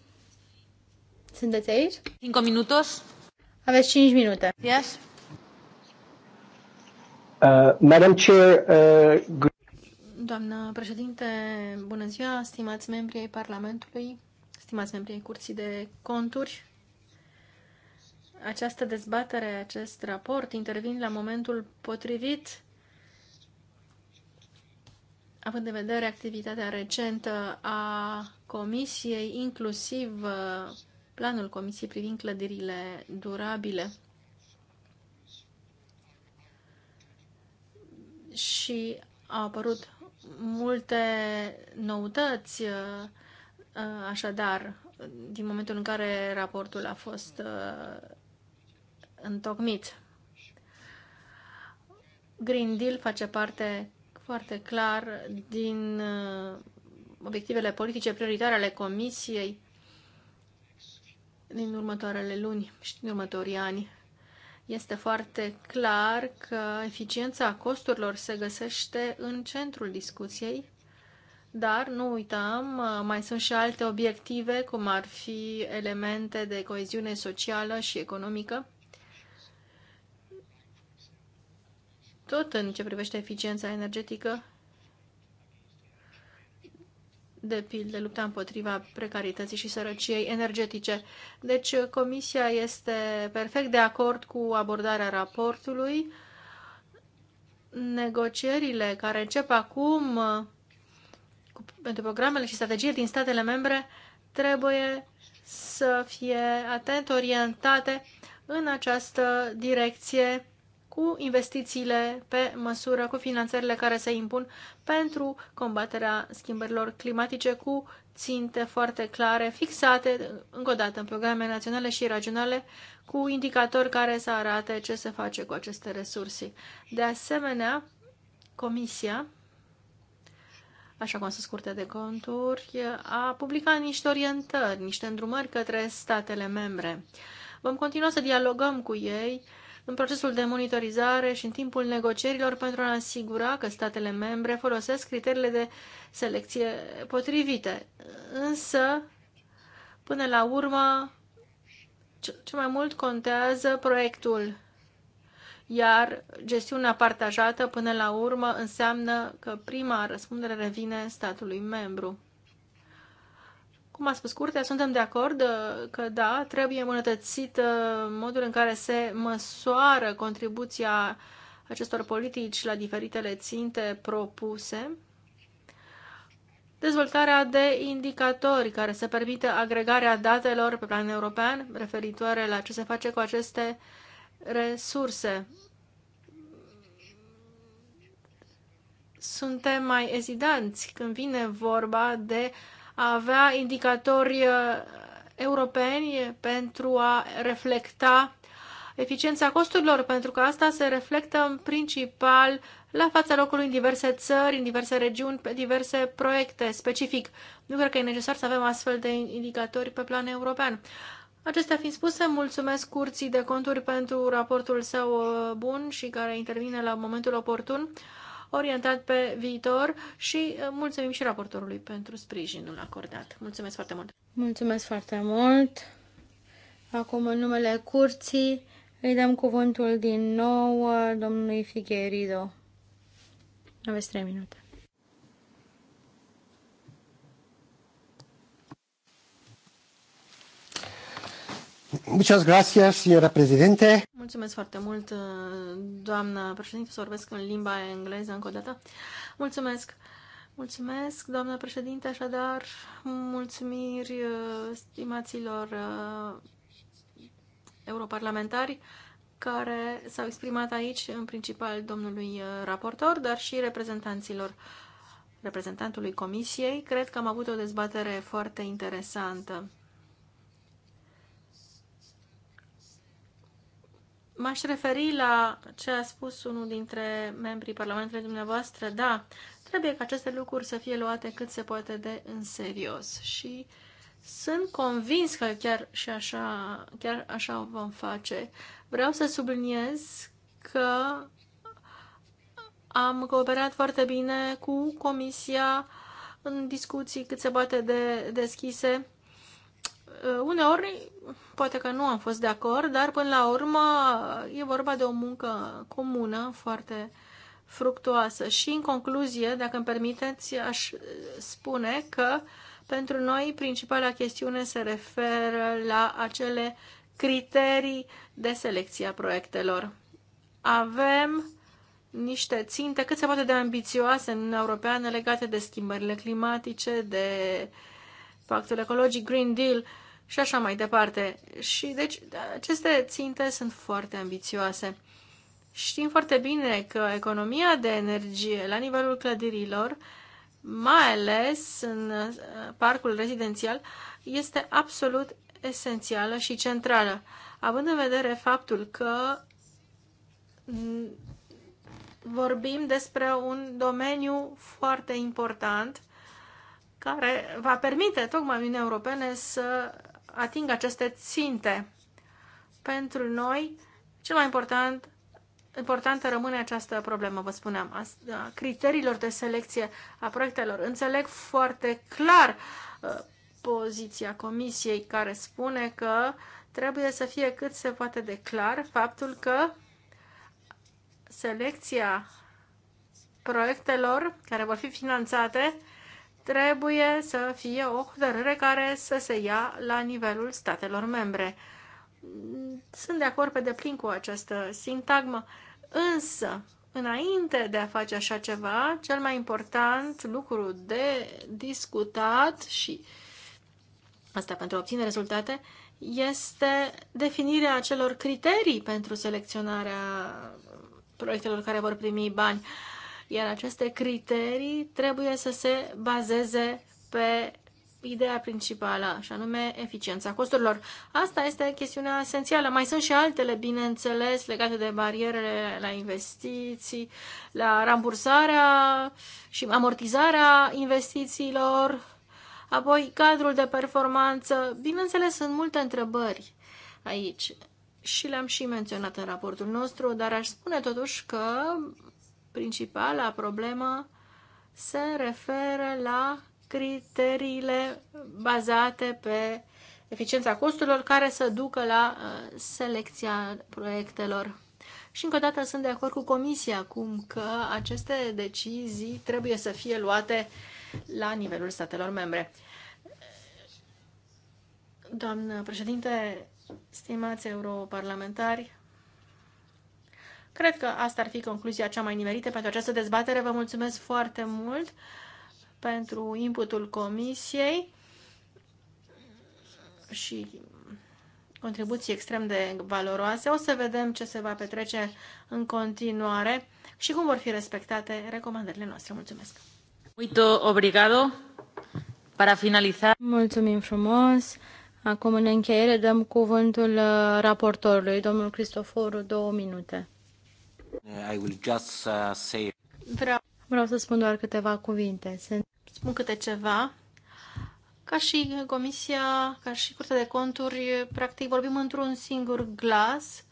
Sunteți aici? 5 minutos. Aveți 5 minute. Yes. Uh, Madam Chair, uh, good... Doamnă președinte, bună ziua, stimați membri ai Parlamentului, stimați membri ai Curții de Conturi. Această dezbatere, acest raport intervin la momentul potrivit, având în vedere activitatea recentă a Comisiei, inclusiv uh, planul Comisiei privind clădirile durabile. Și au apărut multe noutăți, uh, uh, așadar, din momentul în care raportul a fost întocmit. Green Deal face parte foarte clar din obiectivele politice prioritare ale Comisiei din următoarele luni și din următorii ani. Este foarte clar că eficiența costurilor se găsește în centrul discuției, dar nu uităm, mai sunt și alte obiective, cum ar fi elemente de coeziune socială și economică. Tot în ce privește eficiența energetică, de pildă lupta împotriva precarității și sărăciei energetice. Deci Comisia este perfect de acord cu abordarea raportului. Negocierile care încep acum pentru programele și strategie din statele membre trebuie să fie atent orientate în această direcție cu investițiile pe măsură, cu finanțările care se impun pentru combaterea schimbărilor climatice cu ținte foarte clare, fixate încă o dată în programe naționale și regionale, cu indicatori care să arate ce se face cu aceste resurse. De asemenea, Comisia, așa cum sunt scurte de conturi, a publicat niște orientări, niște îndrumări către statele membre. Vom continua să dialogăm cu ei în procesul de monitorizare și în timpul negocierilor pentru a asigura că statele membre folosesc criteriile de selecție potrivite. Însă, până la urmă, ce mai mult contează proiectul, iar gestiunea partajată până la urmă înseamnă că prima răspundere revine statului membru. Cum a spus curtea, suntem de acord uh, că da, trebuie îmbunătățit uh, modul în care se măsoară contribuția acestor politici la diferitele ținte propuse, dezvoltarea de indicatori care să permită agregarea datelor pe plan european referitoare la ce se face cu aceste resurse. Suntem mai ezidanți când vine vorba de uh, a avea indicatori uh, europeni pentru a reflecta eficiența costurilor, pentru că asta se reflectă în principal la fața locului în diverse țări, în diverse regiuni, pe diverse proiecte specific. Nu cred că e necesar să avem astfel de indicatori pe plan european. Acestea fiind spuse, mulțumesc Curții de Conturi pentru raportul său uh, bun și care intervine la momentul oportun orientat pe viitor și uh, mulțumim și raportorului pentru sprijinul acordat. Mulțumesc foarte mult! Mulțumesc foarte mult! Acum, în numele curții, îi dăm cuvântul din nou uh, domnului Figherido. Aveți trei minute. Muchas gracias, señora presidente. Mulțumesc foarte mult, doamna președinte. Să vorbesc în limba engleză încă o dată. Mulțumesc. Mulțumesc, doamna președinte, așadar, mulțumiri stimaților uh, europarlamentari care s-au exprimat aici, în principal domnului uh, raportor, dar și reprezentanților reprezentantului comisiei. Cred că am avut o dezbatere foarte interesantă M-aș referi la ce a spus unul dintre membrii Parlamentului dumneavoastră. Da, trebuie ca aceste lucruri să fie luate cât se poate de în serios și sunt convins că chiar și așa, chiar așa o vom face. Vreau să subliniez că am cooperat foarte bine cu Comisia în discuții cât se poate de deschise Eh, uneori poate că nu am fost de acord, dar până la urmă e vorba de o muncă comună foarte fructuoasă. Și în concluzie, dacă îmi permiteți, aș spune că pentru noi principala chestiune se referă la acele criterii de selecție a proiectelor. Avem niște ținte cât se poate de ambițioase în Europeană legate de schimbările climatice, de uh, pactul ecologic, Green Deal și așa mai departe. Și deci aceste ținte sunt foarte ambițioase. Știm foarte bine că economia de energie la nivelul clădirilor, mai ales în uh, parcul rezidențial, este absolut esențială și centrală, având în vedere faptul că vorbim despre un domeniu foarte important care va permite tocmai Uniunii Europene să atingă aceste ținte. Pentru noi, cel mai important, importantă rămâne această problemă, vă spuneam, a da, criteriilor de selecție a proiectelor. Înțeleg foarte clar uh, poziția Comisiei care spune că trebuie să fie cât se poate de clar faptul că selecția proiectelor care vor fi finanțate trebuie să fie o hotărâre care să se ia la nivelul statelor membre. Sunt de acord pe deplin cu această sintagmă, însă, înainte de a face așa ceva, cel mai important lucru de discutat și asta pentru a obține rezultate este definirea acelor criterii pentru selecționarea proiectelor care vor primi bani. Uh, iar aceste criterii trebuie să se bazeze pe ideea principală, și anume eficiența costurilor. Asta este chestiunea esențială. Mai sunt și altele, bineînțeles, legate de barierele la investiții, la rambursarea și amortizarea investițiilor, apoi cadrul de performanță. Bineînțeles, sunt multe întrebări aici și le-am și menționat în raportul nostru, dar aș spune totuși că principala problemă se referă la criteriile bazate pe eficiența costurilor care să ducă la uh, selecția proiectelor. Și încă o dată sunt de acord cu Comisia cum că aceste decizii trebuie să fie luate la nivelul statelor membre. Doamnă președinte, stimați europarlamentari, Cred că asta ar fi concluzia cea mai nimerită pentru această dezbatere. Vă mulțumesc foarte mult pentru inputul comisiei și contribuții extrem de valoroase. O să vedem ce se va petrece în continuare și cum vor fi respectate recomandările noastre. Mulțumesc! Muito obrigado. Para finalizar... Mulțumim frumos! Acum, în încheiere, dăm cuvântul uh, raportorului, domnul Cristoforu, două minute. I will just uh, say... Vreau, vreau să spun doar câteva cuvinte. Să spun câte ceva. Ca și Comisia, ca și Curtea de Conturi, practic vorbim într-un singur glas.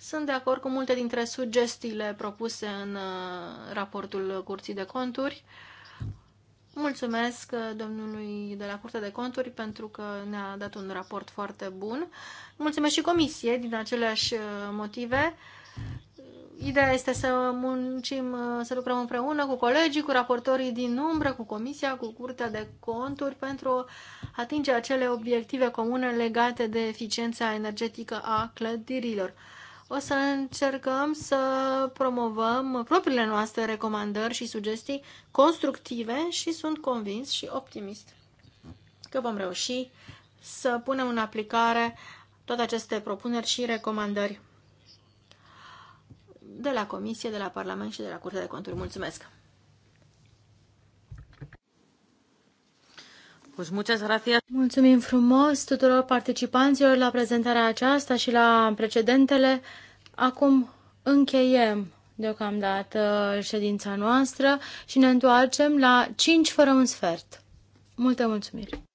Sunt de acord cu multe dintre sugestiile propuse în uh, raportul Curții de Conturi. Mulțumesc uh, domnului de la Curtea de Conturi pentru că ne-a dat un raport foarte bun. Mulțumesc și Comisiei din aceleași uh, motive. Ideea este să muncim, să lucrăm împreună cu colegii, cu raportorii din umbră, cu Comisia, cu Curtea de Conturi pentru a atinge acele obiective comune legate de eficiența energetică a clădirilor. O să încercăm să promovăm propriile noastre recomandări și sugestii constructive și sunt convins și optimist că vom reuși să punem în aplicare toate aceste propuneri și recomandări de la Comisie, de la Parlament și de la Curtea de Conturi. Mulțumesc! Mulțumim frumos tuturor participanților la prezentarea aceasta și la precedentele. Acum încheiem deocamdată ședința noastră și ne întoarcem la 5 fără un sfert. Multe mulțumiri!